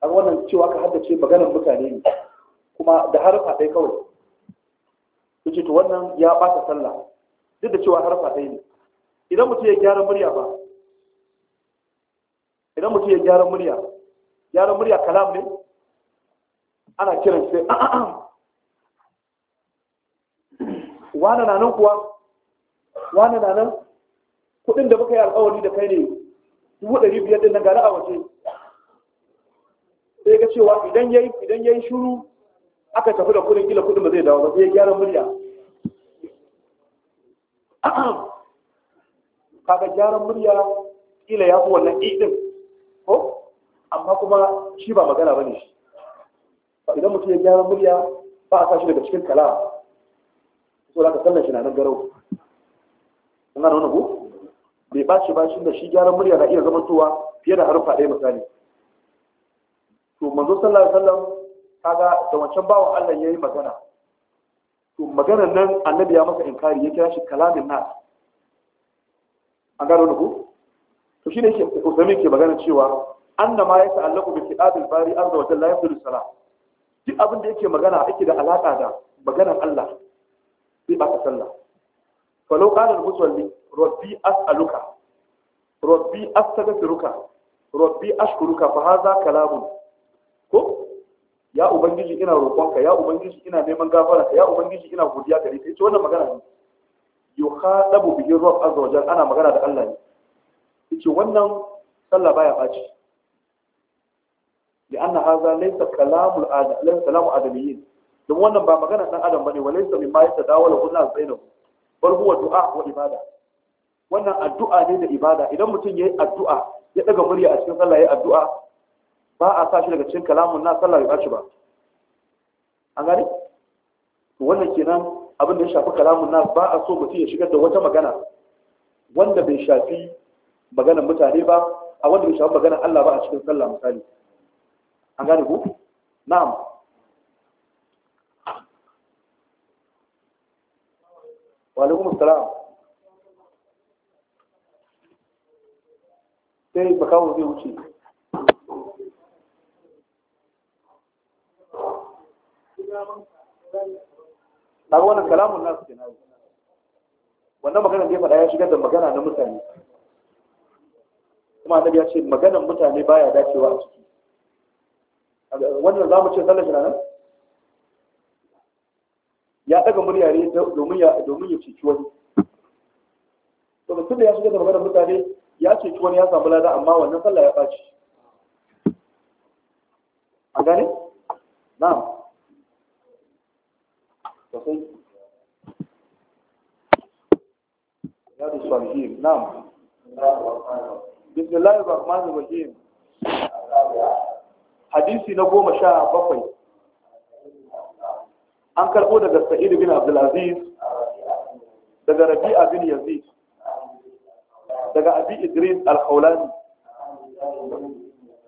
a wannan cewa ka haddace maganar mutane ne kuma da harfa ɗaya kawai ce to wannan ya ɓata sallah duk da cewa harfa ɗaya ne idan mutum ya gyara murya ba idan mutum ya gyara murya gyaran murya kalam ne ana kiran sai wane na nan kuwa wane na nan kudin da muka yi alkawari da kai ne dubu ɗari biyar ɗin nan gari a waje sai ga cewa idan ya yi idan ya yi shuru aka tafi da kudin gila kudin ba zai dawo ba sai ya gyara murya kaga gyaran murya kila ya fi wannan ɗin ko amma kuma shi ba magana ba ne shi idan mutum ya gyara murya ba a sa shi daga cikin kala so da ka shi na nan garau kun gane wannan ko bai ɓaci ba shi da shi gyaran murya na iya zamantowa fiye da harufa ɗaya misali to manzo sallallahu alaihi wasallam kaga da wancan bawan Allah yayi magana to maganar nan annabi ya masa inkari ya kira shi kalamin na? an gano da ku to shine yake sami ke magana cewa Annama ma yasa allaku bi kitabil bari azza wa jalla yafdu salam duk abin da yake magana yake da alaka da maganar Allah sai ba ta sallah falau qala al-musalli rabbi as'aluka rabbi astaghfiruka rabbi ashkuruka fa hadha kalamun ko ya ubangiji ina roƙonka ya ubangiji ina neman gafararka ya ubangiji ina godiya gare ka ita wannan magana ne yukhadabu bihi rabb azza wajal ana magana da Allah ne yace wannan sallah baya baci لأن هذا ليس كلام الآدم ليس كلام آدميين don wannan ba magana ɗan adam bane walaysa da wala kullu bainahu bal huwa du'a wa ibada wannan addu'a ne da ibada idan mutum yayi addu'a ya daga murya a cikin sallah yayi addu'a ba a sa shi daga cikin kalamun na sallah ya bashi ba an gane to wannan kenan abin da ya shafi kalamun na ba a so mutum ya shigar da wata magana wanda bai shafi maganar mutane ba a wanda bai shafi maganar Allah ba a cikin sallah misali an gane ku na'am walaikum salam sai bakawo zai wuce kaga wannan kalamun nasu ke nayi wannan maganar da ya faɗa ya shigar da magana na mutane kuma annabi ya ce maganar mutane baya dacewa a ciki wannan za mu ce sallar shi nan ya daga murya ne domin ya domin ya ceci wani to da da ya shiga da mutane ya ceci wani ya samu lada amma wannan sallah ya ɓaci. a gane na'am sosai ya da salihin na'am bismillahir rahmanir rahim hadisi na goma sha bakwai an karɓo daga Sa'idu bin abdulaziz daga rabi'a bin yazid daga abi idris al-khawlani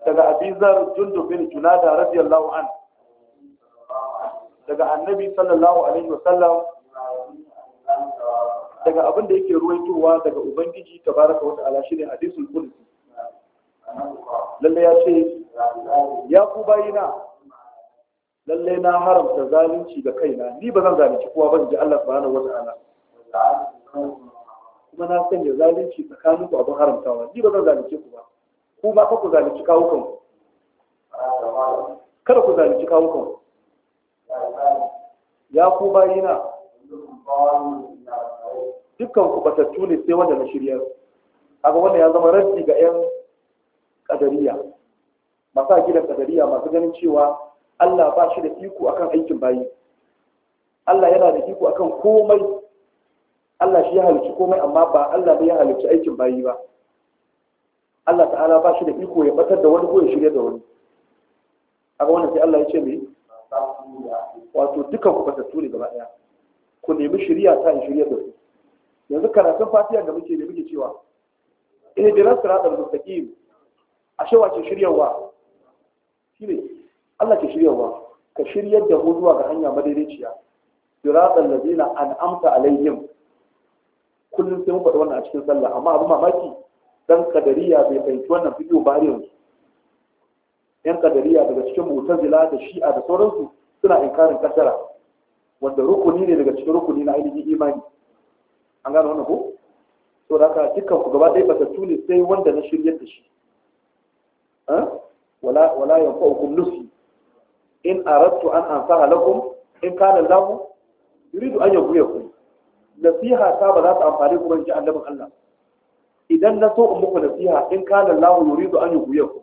daga abi zar jundub bin junada radiyallahu an daga annabi sallallahu alaihi wasallam daga abin da yake ruwaitowa daga ubangiji tabaraka wa ta'ala shine hadisul qudsi lalle ya ce ya ku bayina lallai na haramta zalunci ga kaina ni ba zan zalunci kowa ba ji Allah subhanahu wata'ala kuma na sanya zalunci tsakanin ku abin haramtawa ni ba zan zalunce ku ba ku ma fa ku zalunci kawo kan kada ku zalunci kawo kan ya ku bayina dukkan ku batattu ne sai wanda na shirya kaga wannan ya zama raddi ga yan kadariya masu gidan kadariya masu ganin cewa Allah ba shi da iko akan aikin bayi Allah yana da iko akan komai Allah shi ya halicci komai amma ba Allah ne ya halicci aikin bayi ba Allah ta'ala ba shi da iko ya batar da wani ko ya shirya da wani aga wannan sai Allah ya ce me wato dukan ku batattu ne gaba daya ku nemi shiriya ta shirya da su. yanzu karatun fatiha da muke da muke cewa ihdinas siratal mustaqim ashe wace shiryawa shine Allah shirya shiryarwa ka shiryar da mu zuwa ga hanya madaidaiciya siratal ladina an'amta alaihim kullum sai mun faɗi wannan a cikin sallah amma abu mamaki dan kadariya bai fahimci wannan bidiyo ba har yanzu yan kadariya daga cikin mu'tazila da shi'a da sauransu suna inkarin kasara wanda rukuni ne daga cikin rukuni na ainihin imani an gano wannan ko to da haka dukkan ku gaba ɗaya fatattu ne sai wanda na shiryar da shi wala wala yanfa'ukum nusi in aradtu an ansaha lakum in kana Allah yuridu an yaghwiyakum nasiha ta ba za ta amfani ku ban ji annabin Allah idan na so in muku nasiha in kana Allah yuridu an yaghwiyakum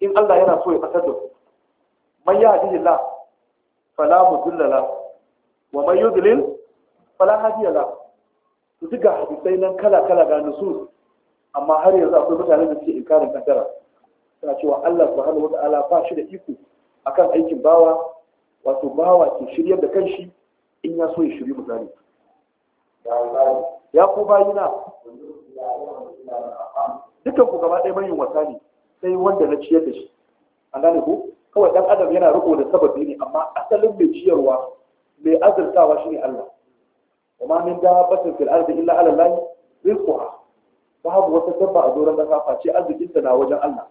in Allah yana so ya fatar da ku man yahdihillah fala mudilla la wa man yudlil fala hadiya la to duka hadisai nan kala kala ga nusus amma har yanzu akwai mutanen da suke inkarin kaddara suna cewa Allah subhanahu wa ta'ala ba shi da iko akan aikin bawa wato bawa ke shiryar da kanshi in ya so ya shiryu misali ya ku na. dukan ku gaba ɗaya manyan wasa ne sai wanda na ciyar da shi an gane ku kawai ɗan adam yana riko da sababi ne amma asalin mai ciyarwa mai azurtawa shine Allah wa ma min dabbatin fil ardi illa ala Allah rizquha babu wata tabba a doron da kafa ce arzikin ta na wajen Allah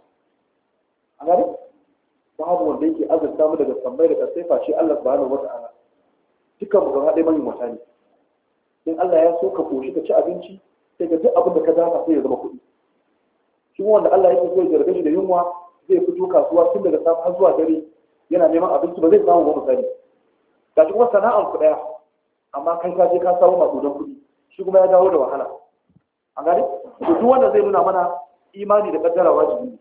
an gane babu wanda yake azurta mu daga sammai da sai face Allah subhanahu wata'ala duka mu gaba ɗaya manyan mutane in Allah ya so ka koshi ka ci abinci sai ga duk abin da ka dafa sai ya zama kuɗi shi wanda Allah yake so ya zarge shi da yunwa zai fito kasuwa tun daga safe har zuwa dare yana neman abinci ba zai samu ba misali ga kuma sana'ar ku ɗaya amma kai ka je ka samu maƙudan kuɗi shi kuma ya dawo da wahala a gane, to duk wanda zai nuna mana imani da kaddara wajibi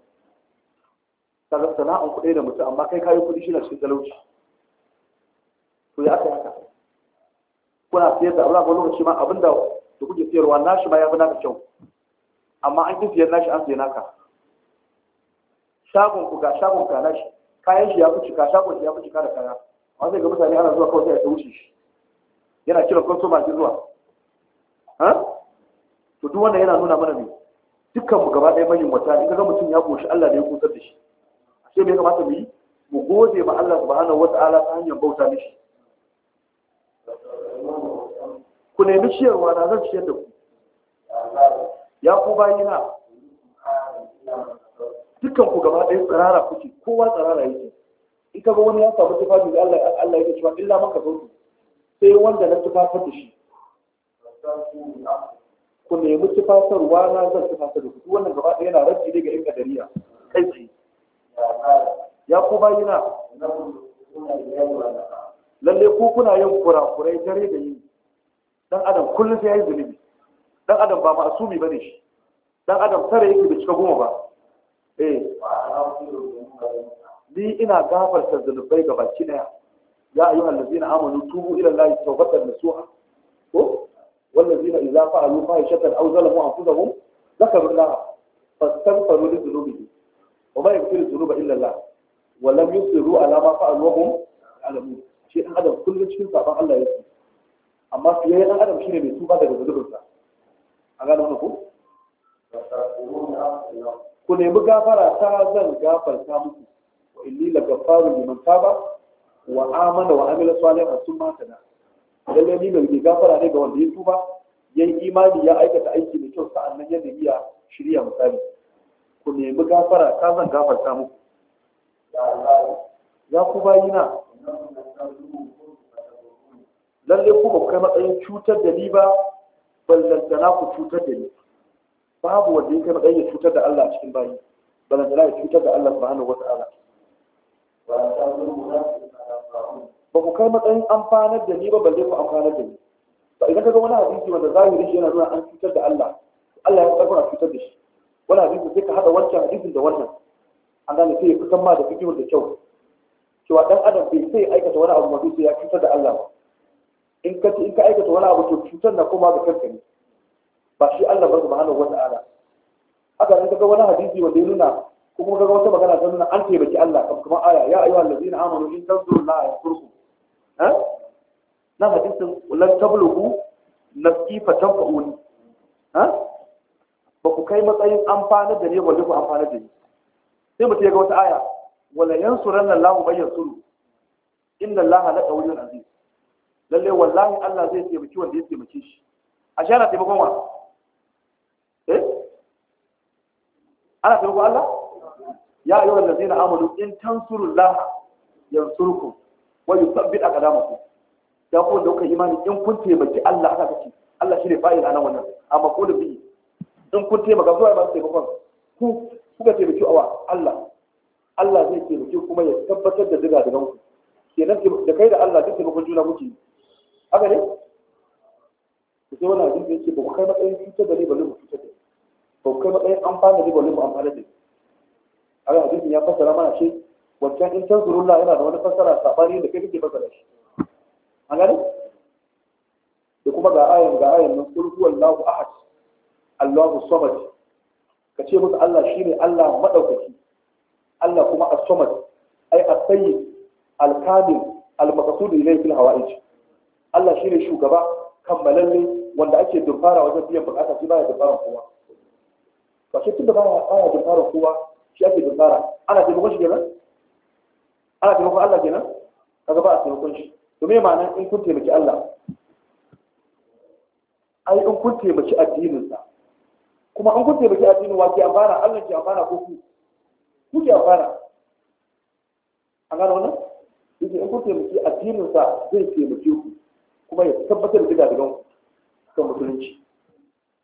kaga sana'an kuɗi da mutum amma kai kayi kuɗi shi na cikin talauci to ya aka yaka kuna siyar da abu lokaci ma abinda da kuke siyarwa nashi ma ya fi naka kyau amma an ki siyar nashi an siya naka shagon ku ga shagon ka nashi kayan shi ya fi cika shagon shi ya fi cika da kaya amma sai ga mutane ana zuwa kawai sai ya ta wuce shi yana kiran kwastoma shi zuwa to duk wannan yana nuna mana ne dukkan mu gaba ɗaya manyan wata in ga mutum ya ƙoshi Allah da ya kusa da shi Sai mai kamata mu yi mu gode ma Allah subhanahu wata'ala ta hanyar bauta mishi ku nemi ciyarwa na zan ciyar da ku ya ku bayina dukkan ku gaba ɗaya tsirara kuke kowa tsirara yake in ka ga wani ya samu tufafi da Allah Allah ya cewa illa maka zo sai wanda na tufafar da shi ku nemi tufafarwa na zan tufafar da ku wannan gaba ɗaya yana rabbi daga ga dariya? kai tsaye ya ku bayina lalle ku kuna yin kurakurai dare da yini dan adam kullum sai ya yi zunubi dan adam ba ma'asumi bane shi dan adam tare yake da cika goma ba eh ni ina gafarta zunubai ga baki daya ya ayu allazina amanu tubu ila allahi tawbatan nasuha ko wallazina idza fa'alu fahishatan aw zalamu anfusahum dhakaru fastaghfiru li wa ma yaghfiru dhunuba illa Allah wa lam yusiru ala ma fa'alu wa hum alamu, shi ɗan adam kullum cikin sabon Allah ya su, amma su yi ɗan adam shi ne mai tuba daga zunubinsa a gano wannan ko ku nemi gafara ta zan gafarta muku wa inni la gafaru liman taba wa amana wa amila salihan thumma tada lalle ni mai gafara ne ga wanda ya tuba yayi imani ya aikata aiki mai kyau sa'annan ya yadda ya shirya misali ku nemi gafara ta zan gafarta muku ya ku bayina lalle ku ba ku kai matsayin cutar da ni ba ballantana ku cutar da ni babu wanda ya kai matsayin ya cutar da Allah cikin bayi ballantana ya cutar da Allah subhanahu wata'ala ba ku kai matsayin amfanar da ni ba balle ku amfanar da ni ba idan ka ga wani hadisi wanda zahiri shi yana nuna an cutar da Allah Allah ya tsarkura cutar da shi wani hadisi sai ka haɗa wancan hadisin da wannan an gane sai ya fi ma da fikihun da kyau cewa dan adam bai sai aikata wani abu mazu sai ya cutar da Allah ba in ka in ka aikata wani abu to cutar na koma ga kanka ne ba shi Allah ba subhanahu wa ala, haka ne daga wani hadisi wanda ya nuna kuma daga wata magana ta nuna an taimaki Allah kamar aya ya ayyuhal ladina amanu in tanzuru la yasurku ha na hadisin lan tablughu nafsi tanfa'uni ha ba ku kai matsayin amfani da ne balle ku amfani da ni sai mutum ya ga wata aya wala nan lahu man suru inda Laha na ɗaurin aziz lalle wallahi Allah zai taimaki wanda ya taimake shi a ana taimakon wa eh ana taimakon Allah ya ayyuhal ladzina amanu in tansurullaha yansurkum wa yuthabbit aqdamakum ya ku da kuka imani in kun taimaki Allah aka kace Allah shi ne fa'il anan wannan amma ko da bi in kun taimaka zuwa ba su taimakon ku kuka taimaki awa Allah Allah zai taimaki kuma ya tabbatar da ziga daga ku kenan da kai da Allah duk taimakon juna yi. haka ne ku sai wani da yake ba ku kai matsayin cutar da ne ba mu cutar da ba ku kai matsayin amfana da ne ba mu amfana da haka abin ya fassara mana ce wancan in tanzurullah yana da wani fassara sabani da kai kake fassara shi an gani da kuma ga ayan ga ayan nan qul huwallahu ahad Allahu samad ka ce musu Allah shine Allah madaukaki Allah kuma as-samad ai as-sayyid al-kamil al-maqsud ilayhi fil hawa'ij Allah shine shugaba kammalalle wanda ake dumfara wajen biyan bukata shi baya dumfara kowa ba shi tun da baya baya dumfara kowa shi ake dumfara ana taimakon shi kenan ana taimakon Allah kenan kaga ba a taimakon shi to me ma'ana in kun taimaki Allah ai in kun taimaki addininsa kuma an kun taimaki addinin wa ke amfana Allah ke amfana ko ku ku ke amfana an gano wannan yake an kun taimaki addinin sa zai taimake ku kuma ya tabbatar da gidan ku kan musulunci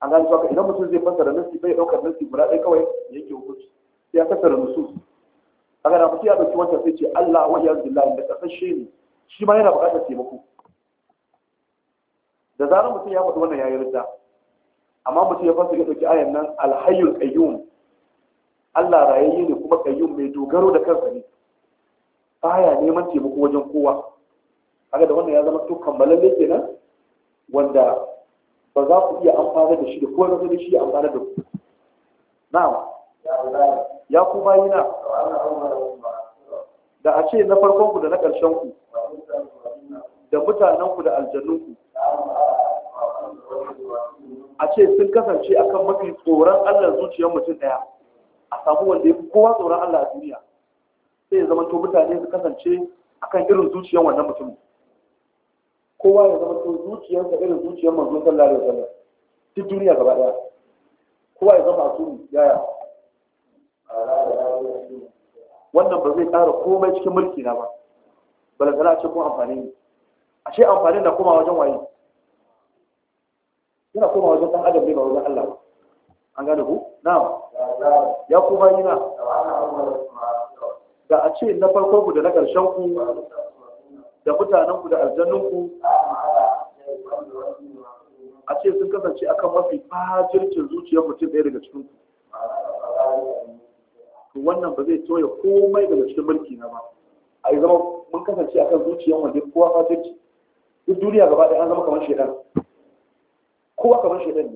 an gano cewa idan mutum zai fassara nasi bai daukar nasi guda ɗaya kawai ya yake hukunci sai ya fassara nusu an gano mutum ya ɗauki wancan sai ce Allah wa ya zilla inda kasashe ne shi ma yana buƙatar taimako da zarar mutum ya faɗi wannan yayin rinta amma mutum ya fasa ya ɗauki ayan nan alhayyul qayyum Allah rayayye ne kuma qayyum mai dogaro da kansa ne baya neman taimako wajen kowa Haka da wannan ya zama to kammalalle kenan wanda ba za ku iya amfana da shi da kowa zai shi ya amfana da ku na'am ya ku na? da a ce na farkon ku da na ƙarshen ku da mutanen ku da aljannun a ce sun kasance akan mafi tsoron Allah zuciyar mutum daya a samu wanda ya fi kowa tsoron Allah a duniya sai ya zama to mutane su kasance akan irin zuciyar wannan mutum kowa ya zama to zuciyarsa irin zuciyar manzo sallallahu alaihi wasallam duk duniya gaba daya kowa ya zama asumi yaya wannan ba zai tsara komai cikin mulki na ba balantana a ce kun amfani ne a ce amfanin na kuma wajen waye yana koma wajen ɗan adam ne ba wajen Allah ba an gane ku na'am ya kuma yana da a ce na farkon ku da na ƙarshen ku da mutanen ku da aljannun ku a ce sun kasance akan mafi fajircin zuciyar mutum ɗaya daga cikin ku wannan ba zai toya komai daga cikin mulki na ba a yi zama mun kasance akan zuciyar wanda kowa fajirci duk duniya gaba ɗaya an zama kamar shaidan kowa kamar shi ne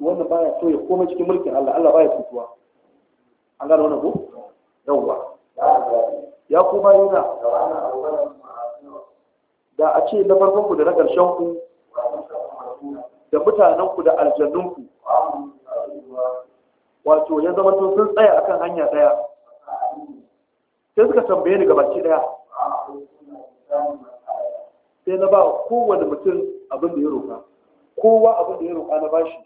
wannan baya so ya koma cikin mulkin Allah Allah baya tutuwa an gano wannan ko yawwa ya kuma yana da a ce na farkon ku da na ƙarshen ku da mutanen ku da aljannun ku wato ya zama to sun tsaya akan hanya daya sai suka tambaye ni gabaci daya sai na ba kowane mutum abin da ya roka kowa abin da ya roƙa na bashi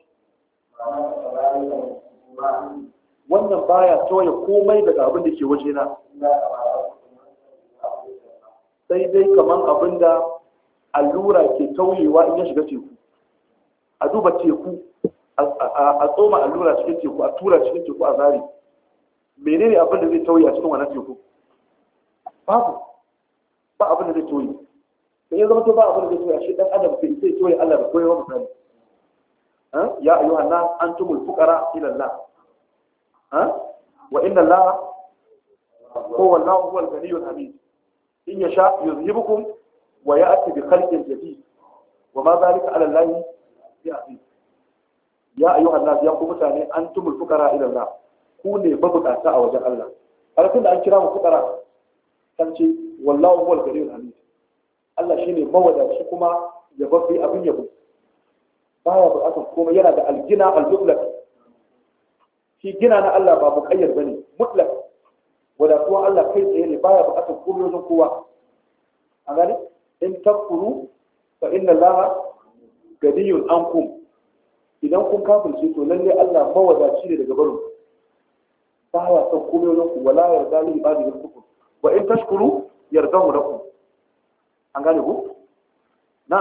wannan baya tawaye komai daga abin da ke waje na sai dai kamar abin da allura ke tauyewa in ya shiga teku a duba teku a tsoma allura cikin teku a tura cikin teku a zari menene abin da zai tauye a cikin wannan teku babu ba abin da zai tauye to ya zama to ba abin da zai soya shi dan adam bai sai soya Allah da koyewa misali ya ayyuhan nas antumul fuqara ila Allah wa inna Allah huwa Allah huwa al-ghani al-hamid in yasha yuzhibukum wa ya'ti bi khalqin jadid wa ma dhalika ala Allah bi'aziz ya ayyuhan nas ya ku mutane antumul fuqara ila Allah ku ne mabukata a wajen Allah har tun da an kira mu fuqara kan ce wallahu huwal ghaniyul hamid Allah shi ne mawadaci kuma yababbe abin yabo baya buƙatar komai yana da algina al-mutlaq shi gina na Allah ba muƙayyar bane mutlaq wadatuwa Allah kai tsaye ne baya buƙatar komai wajen kowa a gani in takfuru fa inna Allah gadiyun ankum idan kun kafirce to lalle Allah mawadaci ne daga barin baya san komai wajen ku wala yarda li ibadihi kufur wa in tashkuru yardahu lakum an gane ku Na.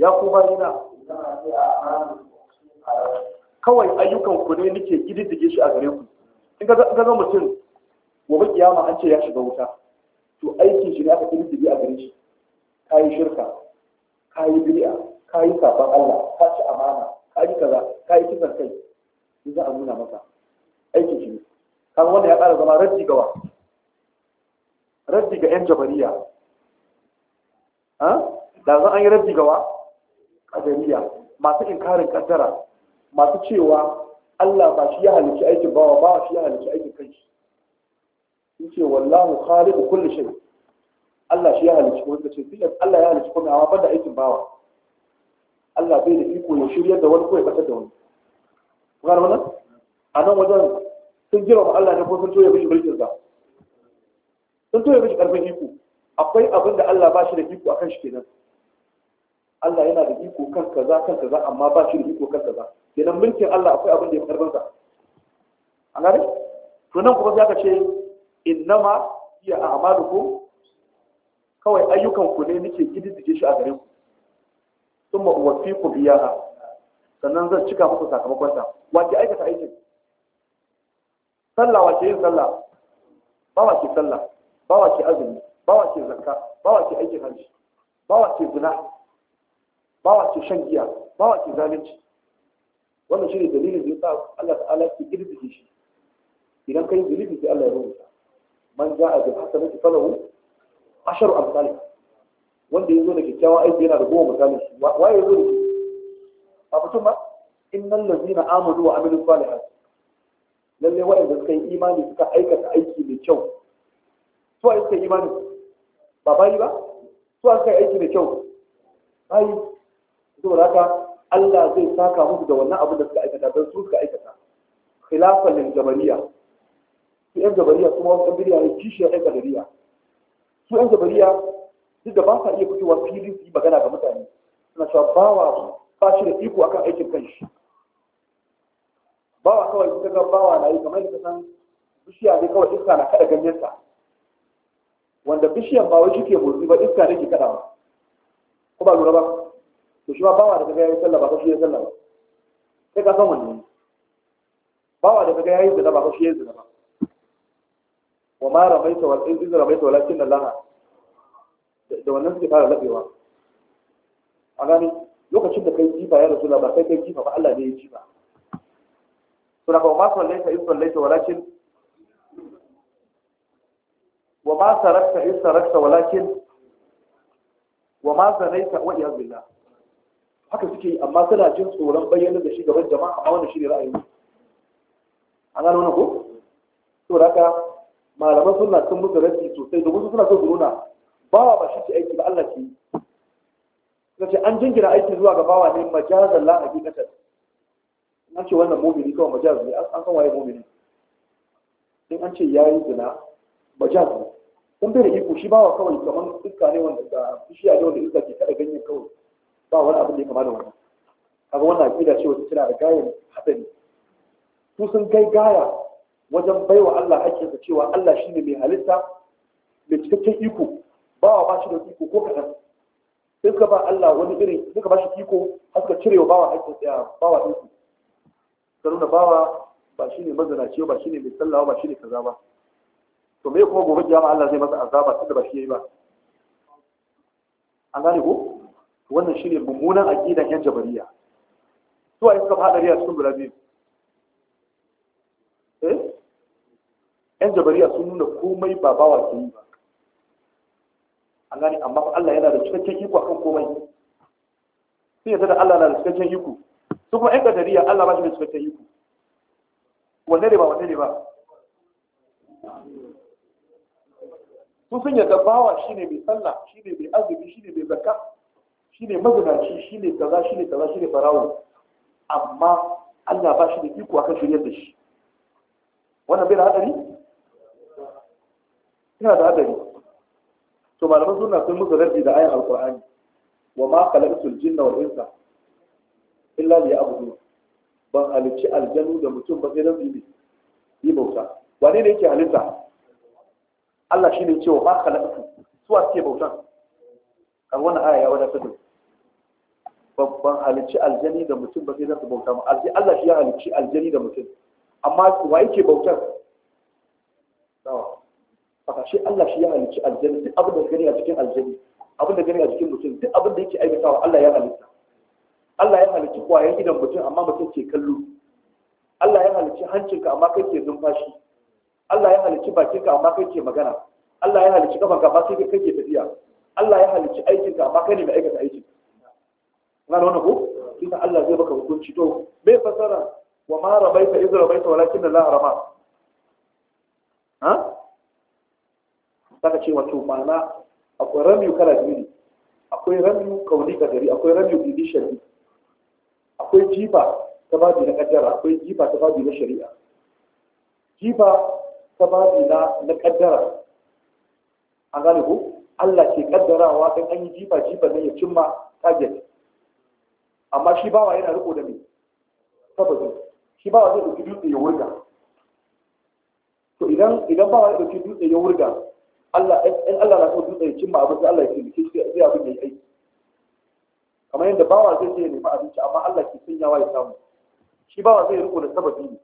ya ku na. kawai ayyukan ku ne nake gididdige shi a gare ku in ga ga mutum gobe kiyama an ce ya shiga wuta to aikin shi ne aka gididdige a gare shi kayi shirka kayi bid'a kayi sabon Allah ka ci amana kayi kaza kayi kisan kai in za a nuna maka aikin shi ne kan wanda ya kara zama raddi gawa raddi ga yan jabariya da zan an yi rabbi gawa A jami'a masu inkarin kaddara masu cewa Allah ba shi ya halicci aikin bawa ba shi ya halicci aikin kanshi sun ce wallahu khaliqu kulli shay Allah shi ya halicci wanda ce sai Allah ya halicci kuma amma banda aikin bawa Allah bai da iko ya shiryar da wani ko ya fatar da wani ku gane wannan a nan wajen sun jira Allah ne ko sun toye mishi mulkin sa sun toye mishi karfin iko akwai abin da Allah ba shi da iko akan shi kenan Allah yana da iko kan kaza kan kaza amma ba shi da iko kan kaza kenan mulkin Allah akwai abin da ya karban an gane to nan kuma sai aka ce innama hiya a'malukum kawai ayyukan ku ne nake kididdige shi a gare ku thumma uwaffiqu biyaha sannan zan cika muku sakamakon ta wace aikata aikin sallah wace yin sallah ba wace sallah ba wace azumi bawa ke zakka bawa ke aikin hajji bawa ke zina bawa ke shan giya bawa ke zalunci wannan shi ne dalilin da ya sa Allah ta'ala ke girgize shi idan kai zunubi sai Allah ya rubuta man za a bil hasanati falahu asharu amsalih wanda yazo da kyakkyawan aiki yana da goma misalin shi waye yazo da shi a mutum ba innal ladzina amanu wa amilus salihat lalle waɗanda suka yi imani suka aikata aiki mai kyau su a suka yi imani ba bayi ba su an kai aiki mai kyau bayi saboda haka Allah zai saka musu da wannan abu da suka aikata don su suka aikata khilafan lil jabariya su yan jabariya kuma wasu yan biriya ne kishiyar yan jabariya su yan jabariya duk da ba sa iya fitowa fili su yi magana ga mutane suna cewa bawa ba shi da iko akan aikin kanshi bawa kawai ta ga bawa na yi kamar yadda san bishiya ne kawai iska na kada ganyensa wanda bishiyan ba wai ke motsi ba iska ne ke ba ko ba lura ba to shi ma bawa da kaga yayi sallah ba ko shi yayi sallah ba sai ka san wannan bawa da kaga yayi zina ba ko shi yayi zina ba wa ma ramaita wal iz ramaita walakin Allah da wannan suke fara labewa a gani lokacin da kai jifa ya rasu ba kai kai jifa ba Allah ne ya jifa sura ba ma sallaita in sallaita walakin wa ma sarakta in sarakta walakin wa ma zanaita wa iyaz haka suke yi, amma suna jin tsoron bayyana da shi gaban jama'a amma wannan shine ra'ayi an gano wannan ko to haka malaman suna sun musu rafi sosai domin su suna so su nuna bawa ba shi ke aiki ba Allah ke yi kace an jingina aiki zuwa ga bawa ne majazan la hakikatan an ce wannan mumini kawai majaz ne an san waye mumini in an ce ya yi zina bajaz Sun bai da iko shi bawa kawai kamar iska ne wanda ta bishiya ne wanda iska ke kada ganyen kawai ba wani abin da ya kama da wani kaga wannan aqida ce wacce tana da gayan hadari su sun kai gaya wajen baiwa Allah hakkin cewa Allah shine mai halitta mai cikakken iko bawa ba shi da iko ko kadan sai suka ba Allah wani irin suka ba shi iko har suka cirewa bawa hakkin tsaya bawa iko karuna bawa ba shine mazana mazanaci ba shine mai sallawa ba shine kaza ba to me kuma gobe kiyama Allah zai masa azaba tunda ba shi yayi ba an gane ko wannan shine mummunan aqidan yan jabariya to a suka fada riya cikin guda biyu eh yan jabariya sun nuna komai ba bawa ke yi ba an gane amma Allah yana da cikakken iko akan komai sai yadda da Allah na da cikakken iko su kuma yan kadariya Allah ba shi da cikakken iko wanne ne ba wanne ne ba sun sun yadda bawa shine mai sallah shine mai azumi shine mai zakka shine shi, shine kaza shine kaza shine farawo amma Allah ba shi da iko akan shirya da shi wannan bai da hadari ina da hadari to malaman sunna sun musu raddi da ayan alqur'ani wa ma khalaqtul jinna wal insa illa liya'budun ban halicci aljanu da mutum ba sai dan su yi bauta wane ne yake halitta Allah shi ne cewa ba khalaqtu suwa suke bautan a wani aya ya wadata da babban halicci aljani da mutum ba sai za su bauta ma alji Allah shi ya halicci aljani da mutum amma wa yake bautan? dawa haka shi Allah shi ya halicci aljani duk abin da gani a cikin aljani abin da gani a cikin mutum duk abin da yake aikatawa Allah ya halitta Allah ya halicci kwayan idan mutum amma mutum ke kallo Allah ya halicci hancinka amma kai ke numfashi Allah ya halicci bakinka amma kai ke magana Allah ya halicci kafanka amma kai kake tafiya Allah ya halicci aikinka amma kai ne mai aikata aikin na da wannan ko kisa Allah zai baka hukunci to me fasara wa ma rabaita idza rabaita walakin la rama ha saka ce wato ma'ana akwai rami kala biyu Akwai akwai kauni ka kadari akwai ramiyu judicial akwai jifa ta babi na kaddara akwai jifa ta babi na shari'a jifa ta babi na kaddara an gane ku Allah ke kaddarawa don an yi jifa jifa ne ya cimma target amma shi bawa yana riko da me sababi shi bawa zai dauki dutse ya wurga to idan idan bawa ya dauki dutse ya wurga Allah in Allah na so dutse ya cimma abin da Allah ya tilike shi sai abin ya aiki kamar yadda bawa zai ce ne ba abinci amma Allah ke sanyawa ya samu shi bawa zai riko da sababi ne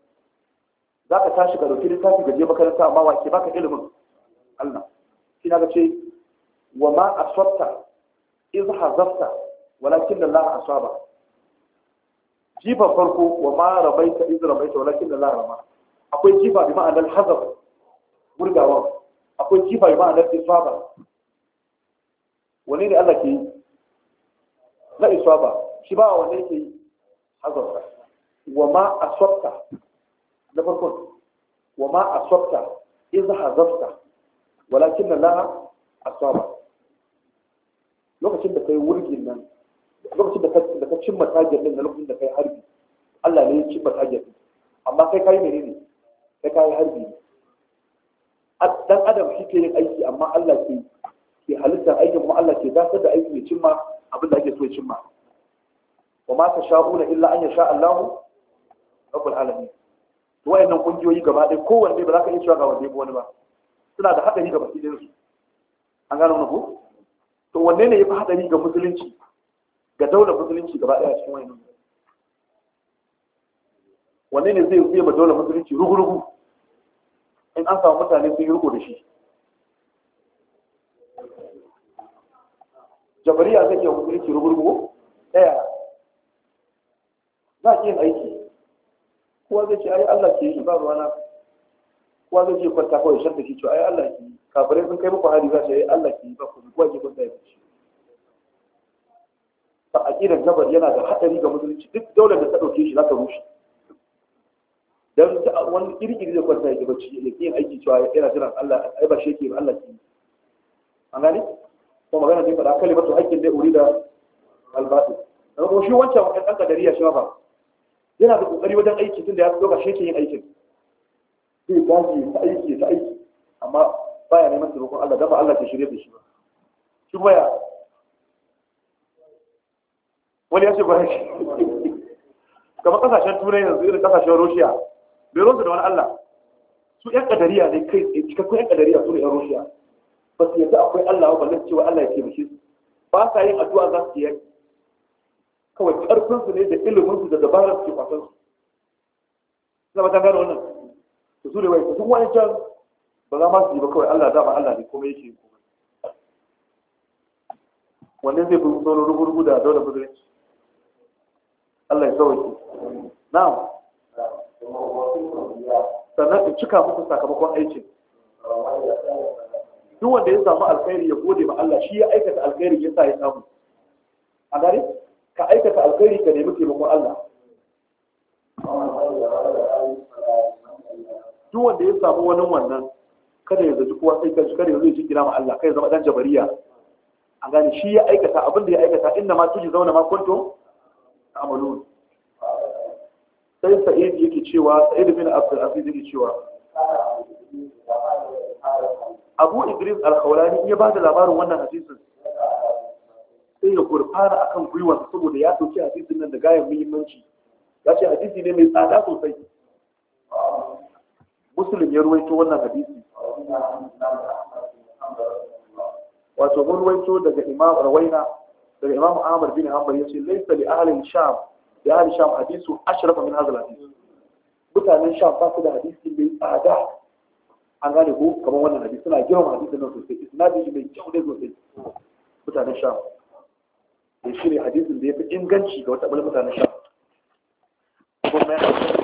za ka tashi ka ɗauki littafi ka je makaranta amma wa ke baka ilimin Allah shi na ce wa ma asabta iz hazafta walakin Allah asaba jifan farko wa ma rabaita iz rabaita walakin Allah rama akwai jifa bi ma'anar hazaf murgawa akwai jifa bi ma'anar isaba wani ne Allah ke yi na isaba shi ba wanda ke yi hazafta wa ma asabta na farkon wa ma asabta idza hazafta walakin la asaba lokacin da kai wurgin nan lokacin da ka da ka cimma target din lokacin da kai harbi Allah ne ya cimma target din amma kai kai ne kai kayi harbi ne dan adam shi ke yin aiki amma Allah ke ke halittar aikin kuma Allah ke dasar da aiki ya cimma abin da ake so ya cimma wa ma shauna illa an yasha Allahu rabbul alamin wayannan kungiyoyi gaba ɗaya kowanne ba za ka iya cewa ga wanne ko wani ba suna da haɗari ga baki su an gano wani ko to wanne ne ya fi haɗari ga musulunci ga daular musulunci gaba ɗaya cikin wayannan wanne ne zai zai ma daular musulunci rugu-rugu in an samu mutane sun yi rugu da shi jabariya zai iya musulunci rugu-rugu ɗaya za a yin aiki kowa zai ce ai Allah ke yi ba ruwana kowa zai ce kwanta kawai shanta ke cewa ai Allah ke yi kafirai sun kai muku hari za su yi Allah ke yi ba ku kowa ke kwanta ya fice ba a ƙidan gabar yana da haɗari ga musulunci duk daular da ta ɗauke shi za ta rushe dan ta wani kirkiri zai kwanta ya bacci ya ke yin aiki cewa yana jiran Allah ai ba shi yake ba Allah ke yi an gani ko magana ce faɗa kalimatu haƙƙin dai uri da urida albatil kuma shi wancan wani ɗan kadariya shi ba yana da kokari wajen aiki da ya fito shi yake yin aikin Zai dace ta aiki ta aiki amma baya neman taimakon Allah dama Allah ke shirye da shi ba shi baya wani ya ce ba shi kamar kasashen turai yanzu irin kasashen Roshiya. bai rosa da wani Allah su yan kadariya ne kai tsaye cikakkun yan kadariya su ne yan Roshiya. ba su yadda akwai Allah ba zai cewa Allah ya ke su ba sa yin addu'a za su yi kawai ƙarfinsu ne da iliminsu da dabarar su kwasan su na ba ta gano wannan su su da wai su wani can ba za ma su yi ba kawai Allah dama Allah ne kuma yake yi komai wannan zai fi sauran rubu rubu da daular musulunci Allah ya sauke na'am sannan in cika muku sakamakon aikin duk wanda ya samu alkhairi ya gode ma Allah shi ya aikata alkhairi ya sa ya samu a gare ka aikata alkhairi ka nemi taimakon Allah duk wanda ya samu wani wannan kada ya zaci kowa sai kanshi kada ya zai jingina ma Allah kai zama dan jabariya A gane shi ya aikata abin da ya aikata inna ma tuji zauna ma kuntum amalun sai sa'id yake cewa sa'id bin abdul aziz yake cewa abu idris al-khawlani ya da labarin wannan hadisin sai ya gurfara akan gwiwa saboda ya dauki hadisin nan da gayar muhimmanci ya ce hadisi ne mai tsada sosai musulun ya ruwaito wannan hadisi wato mun ruwaito daga imam rawaina daga imam ahmad bin ya ce laysa li ahli sham li ahli sham hadisu ashrafa min hadha hadisi mutanen sham ba su da hadisi mai tsada an gane ko kamar wannan hadisi suna girma hadisin nan sosai isnadin mai kyau ne sosai mutanen sham da shi ne hadisin da ya fi inganci ga wata mutane sha kuma mai